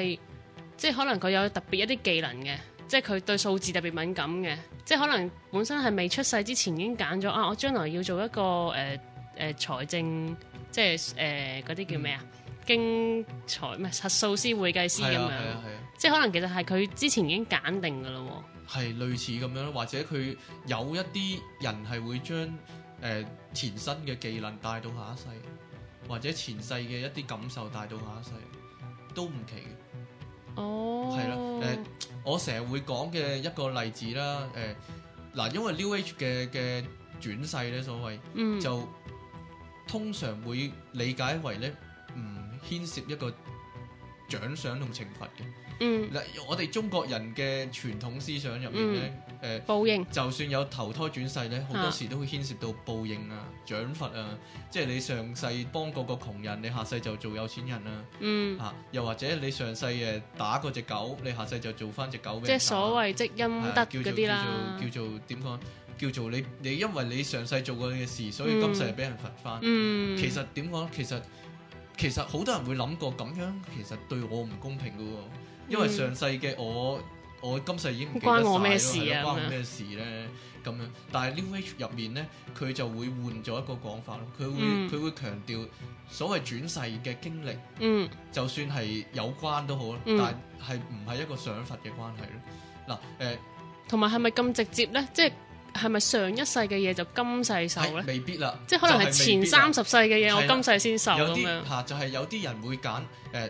即係可能佢有特別一啲技能嘅，即係佢對數字特別敏感嘅，即係可能本身係未出世之前已經揀咗啊！我將來要做一個誒誒、呃呃、財政，即係誒嗰啲叫咩啊？經財咩？核數師、會計師咁樣，啊啊啊、即係可能其實係佢之前已經揀定㗎喇喎。係類似咁樣，或者佢有一啲人係會將誒、呃、前身嘅技能帶到下一世，或者前世嘅一啲感受帶到下一世，都唔奇嘅。哦、oh.，係咯，誒，我成日會講嘅一個例子啦，誒，嗱，因為 New Age 嘅嘅轉世咧，所謂、mm. 就通常會理解為咧唔牽涉一個獎賞同懲罰嘅。嗯嗱，我哋中國人嘅傳統思想入面咧，誒、報應，就算有投胎轉世咧，好多時都會牽涉到報應啊、獎罰啊，即係你上世幫個個窮人，你下世就做有錢人啊；嗯，嚇、啊，又或者你上世誒打嗰隻狗，你下世就做翻隻狗。即係所謂積陰德嗰、啊、啲啦。叫做叫做點講？叫做你你因為你上世做過你嘅事，所以今世係俾人罰翻。嗯，其實點講？其實其實好多人會諗過咁樣，其實對我唔公平噶喎。因為上世嘅我，我今世已經唔關我咩事啊，關我咩事咧咁樣。但係 New Age 入面咧，佢就會換咗一個講法咯。佢會佢會強調所謂轉世嘅經歷，嗯，就算係有關都好啦，但係唔係一個想法嘅關係咯。嗱誒，同埋係咪咁直接咧？即係係咪上一世嘅嘢就今世受咧？未必啦，即係可能係前三十世嘅嘢，我今世先受咁樣。嚇，就係有啲人會揀誒。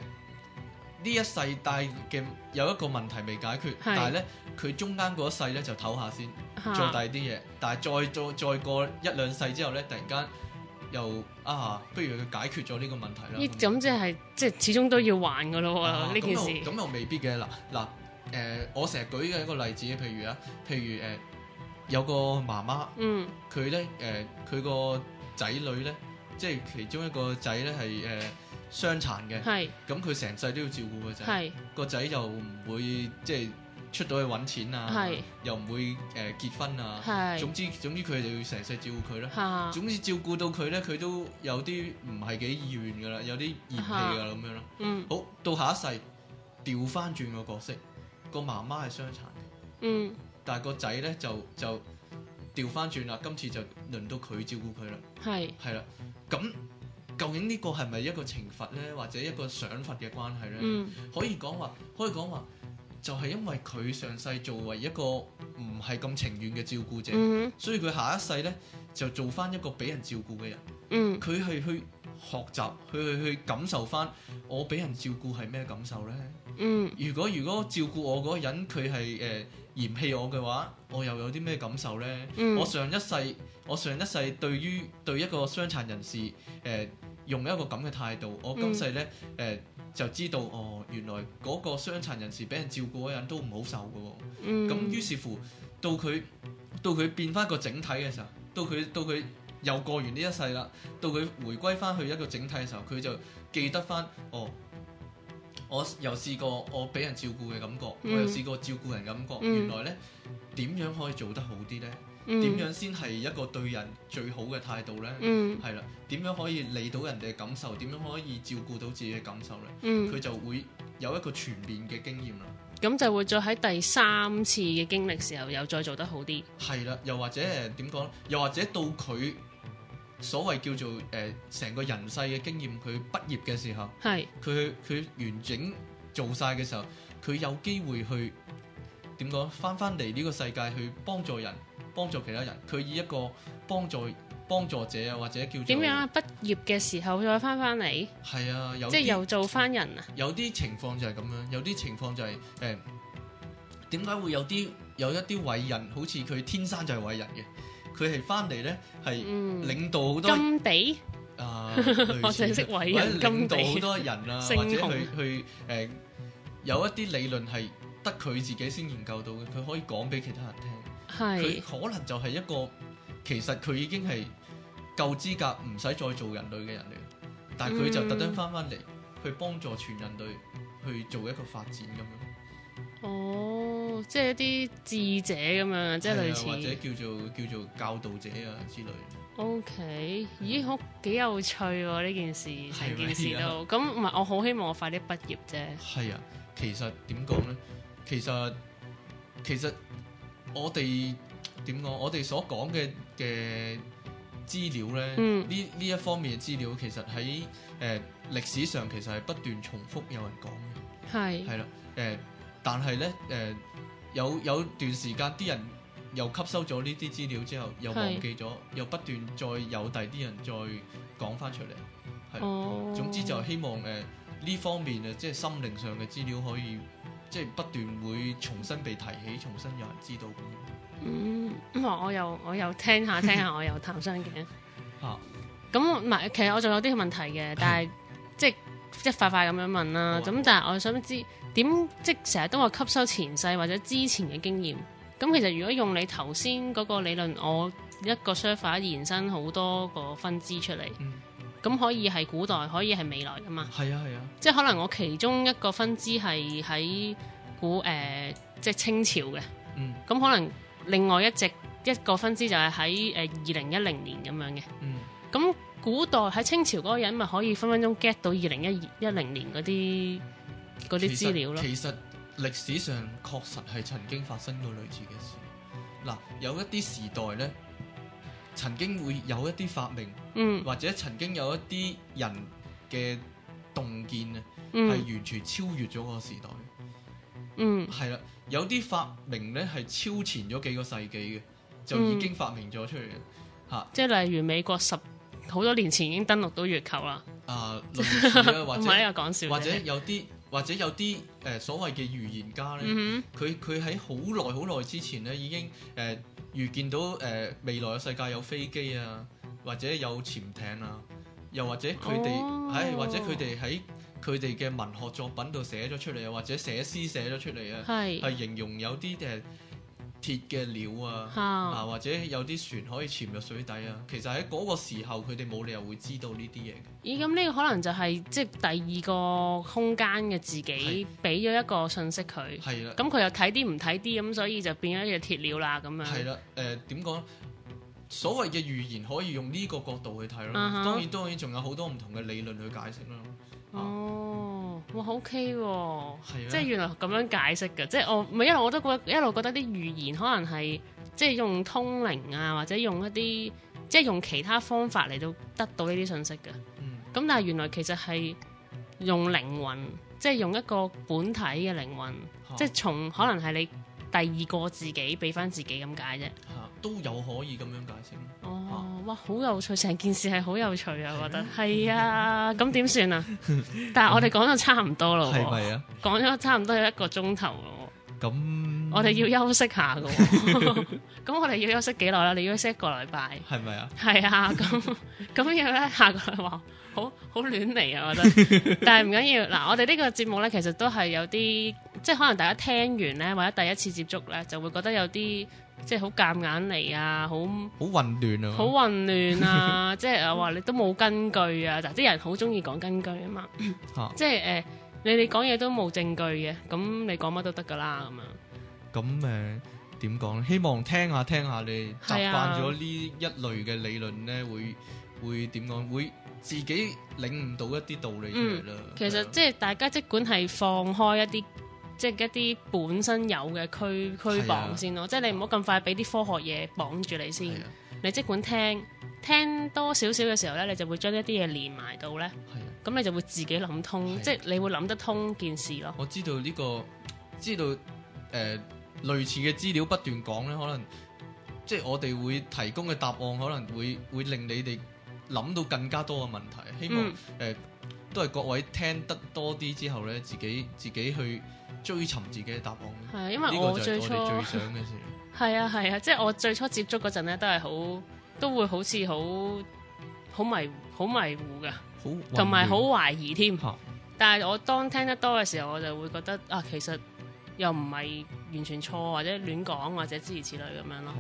呢一世大嘅有一個問題未解決，是但係咧佢中間嗰一世咧就唞下先，做第啲嘢。但係再做再，再過一兩世之後咧，突然間又啊，不如佢解決咗呢個問題啦。咁即係即係始終都要還噶咯喎，呢、啊啊、件事。咁又，又未必嘅嗱嗱，誒、呃、我成日舉嘅一個例子，譬如啊，譬如誒、呃、有個媽媽，嗯，佢咧誒佢個仔女咧，即係其中一個仔咧係誒。傷殘嘅，咁佢成世都要照顧個仔，個仔又唔會即係、就是、出到去揾錢啊，又唔會誒、呃、結婚啊，總之總之佢就要成世照顧佢啦、啊。總之照顧到佢咧，佢都有啲唔係幾意願噶啦，有啲嫌棄噶咁樣咯、嗯。好到下一世調翻轉個角色，個媽媽係傷殘嘅，嗯，但係個仔咧就就調翻轉啦，今次就輪到佢照顧佢啦，係係啦，咁、啊。究竟呢個係咪一個懲罰呢？或者一個賞罰嘅關係呢？嗯、可以講話，可以講話，就係、是、因為佢上世作為一個唔係咁情願嘅照顧者，嗯、所以佢下一世呢，就做翻一個俾人照顧嘅人。佢、嗯、係去學習，佢去去感受翻我俾人照顧係咩感受咧、嗯？如果如果照顧我嗰個人佢係誒嫌棄我嘅話，我又有啲咩感受呢、嗯？我上一世，我上一世對於對一個傷殘人士誒。呃用一個咁嘅態度，我今世呢誒、嗯呃、就知道哦，原來嗰個傷殘人士俾人照顧嘅人都唔好受嘅喎、哦。咁、嗯、於是乎到佢到佢變翻一個整體嘅時候，到佢到佢又過完呢一世啦，到佢回歸翻去一個整體嘅時候，佢就記得翻哦，我又試過我俾人照顧嘅感覺，嗯、我又試過照顧人嘅感覺，嗯、原來呢點樣可以做得好啲呢？點樣先係一個對人最好嘅態度呢？係、嗯、啦，點樣可以理到人哋嘅感受？點樣可以照顧到自己嘅感受呢？佢、嗯、就會有一個全面嘅經驗啦。咁就會再喺第三次嘅經歷時候，又再做得好啲。係啦，又或者誒點講？又或者到佢所謂叫做誒成、呃、個人世嘅經驗，佢畢業嘅時候，係佢佢完整做晒嘅時候，佢有機會去點講返返嚟呢個世界去幫助人。幫助其他人，佢以一個幫助幫助者或者叫做點樣啊？畢業嘅時候再翻翻嚟，係啊，即係又做翻人啊！有啲情況就係咁樣，有啲情況就係誒點解會有啲有一啲偉人，好似佢天生就係偉人嘅，佢係翻嚟咧係領導好多人、嗯、金地啊！我淨係識偉人金，或者領導好多人啊。或者佢去誒、欸、有一啲理論係得佢自己先研究到嘅，佢可以講俾其他人聽。佢可能就係一個，其實佢已經係夠資格，唔使再做人類嘅人嚟，但係佢就特登翻翻嚟去幫助全人類去做一個發展咁樣。哦，即係一啲智者咁樣，嗯、即係類似、啊、或者叫做叫做教導者啊之類。O、okay, K，、啊、咦，好幾有趣喎、啊、呢件事，成件事都咁唔係，我好希望我快啲畢業啫。係啊，其實點講咧？其實其實。我哋點講？我哋所講嘅嘅資料呢，呢呢一方面嘅資料，其實喺誒歷史上其實係不斷重複有人講嘅，係係啦。誒、呃，但係呢，誒、呃，有有段時間啲人又吸收咗呢啲資料之後，又忘記咗，又不斷再有第啲人再講返出嚟。係、哦，總之就希望誒呢、呃、方面嘅即係心靈上嘅資料可以。即係不斷會重新被提起，重新有人知道咁。嗯，我我又我又聽下 聽下，我又談雙嘅。嚇、啊！咁唔係，其實我仲有啲問題嘅，但係即係即係快快咁樣問啦。咁但係我想知點，即係成日都話吸收前世或者之前嘅經驗。咁其實如果用你頭先嗰個理論，我一個說法延伸好多個分支出嚟。嗯咁可以係古代，可以係未來噶嘛？係啊，係啊，即係可能我其中一個分支係喺古誒、呃，即係清朝嘅。嗯，咁可能另外一隻一個分支就係喺誒二零一零年咁樣嘅。嗯，咁古代喺清朝嗰個人咪可以分分鐘 get 到二零一一零年嗰啲嗰啲資料咯。其其實歷史上確實係曾經發生過類似嘅事。嗱，有一啲時代咧。曾經會有一啲發明、嗯，或者曾經有一啲人嘅洞見啊，係、嗯、完全超越咗個時代。嗯，係啦，有啲發明咧係超前咗幾個世紀嘅，就已經發明咗出嚟嘅嚇。即係例如美國十好多年前已經登陸到月球啦。呃、啊，唔係啊，講笑或。或者有啲，或者有啲誒所謂嘅預言家咧，佢佢喺好耐好耐之前咧已經誒。呃預見到誒、呃、未來嘅世界有飛機啊，或者有潛艇啊，又或者佢哋喺，或者佢哋喺佢哋嘅文學作品度寫咗出嚟，或者寫詩寫咗出嚟啊，係、oh. 形容有啲誒。呃鐵嘅鳥啊，嗱或者有啲船可以潛入水底啊，其實喺嗰個時候佢哋冇理由會知道呢啲嘢嘅。咦，咁、嗯、呢個可能就係、是、即係第二個空間嘅自己俾咗一個信息佢。係啦。咁佢又睇啲唔睇啲，咁所以就變咗隻鐵鳥啦咁樣。係啦，誒點講？所謂嘅預言可以用呢個角度去睇咯。uh-huh. 當然當然，仲有好多唔同嘅理論去解釋啦。哦、啊。Oh. 哇，OK 喎，即係原來咁樣解釋嘅，即係我唔係一路我都覺得一路覺得啲語言可能係即係用通靈啊，或者用一啲即係用其他方法嚟到得到呢啲信息嘅。咁、嗯、但係原來其實係用靈魂，即係用一個本體嘅靈魂，嗯、即係從可能係你第二個自己俾翻自己咁解啫。嗯都有可以咁樣解釋哦、啊，哇，好有趣，成件事係好有趣啊！我覺得係啊，咁點算啊？ 但係我哋講到差唔多咯，係、嗯、咪啊？講咗差唔多一個鐘頭咯。咁、嗯、我哋要休息一下噶。咁 我哋要休息幾耐啦？你要休息一個禮拜，係咪啊？係啊，咁咁樣咧，下個禮拜好好亂嚟啊！我覺得， 但係唔緊要嗱， 我哋呢個節目咧，其實都係有啲，即、就、係、是、可能大家聽完咧，或者第一次接觸咧，就會覺得有啲。嗯即係好夾硬嚟啊！好好混亂啊！好混亂啊！即係我話你都冇根據啊！嗱，啲人好中意講根據啊嘛。嚇！即係誒，你哋講嘢都冇證據嘅，咁你講乜都得噶啦咁樣！咁誒點講咧？希望聽下聽下，你習慣咗呢一類嘅理論咧，會會點講？會自己領悟到一啲道理出嚟啦。其實即係大家即管係放開一啲。即係一啲本身有嘅區區綁先咯，即係你唔好咁快俾啲科學嘢綁住你先。你即管聽聽多少少嘅時候咧，你就會將一啲嘢連埋到咧。係啊，咁你就會自己諗通，即係你會諗得通件事咯。我知道呢個，知道誒類似嘅資料不斷講咧，可能即係我哋會提供嘅答案可能會會令你哋諗到更加多嘅問題。希望誒都係各位聽得多啲之後咧，自己自己去，追尋自己嘅答案，係啊，因為我最初最想嘅事係啊係啊，啊，即係我最初接觸嗰陣咧，都係好都會好似好好迷好迷糊噶，同埋好懷疑添、啊。但係我當聽得多嘅時候，我就會覺得啊，其實又唔係完全錯，或者亂講，或者諸如此類咁樣咯。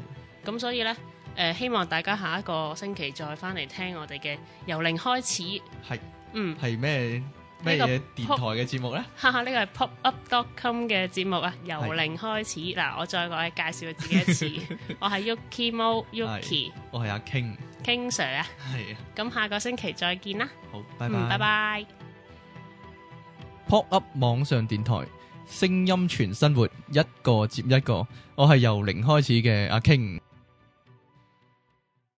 咁、啊、所以咧，誒、呃、希望大家下一個星期再翻嚟聽我哋嘅由零開始係嗯係咩？是什麼咩嘢電台嘅節目咧？哈呢個係 Pop Up Dot Com 嘅節目啊！由零開始，嗱， 我再我介紹自己一次，我係 Yuki Mo，Yuki，我係阿 King，King King Sir 啊，係啊，咁下個星期再見啦，好，拜拜，拜拜。Pop Up 網上電台，聲音全生活，一個接一個，我係由零開始嘅阿 King。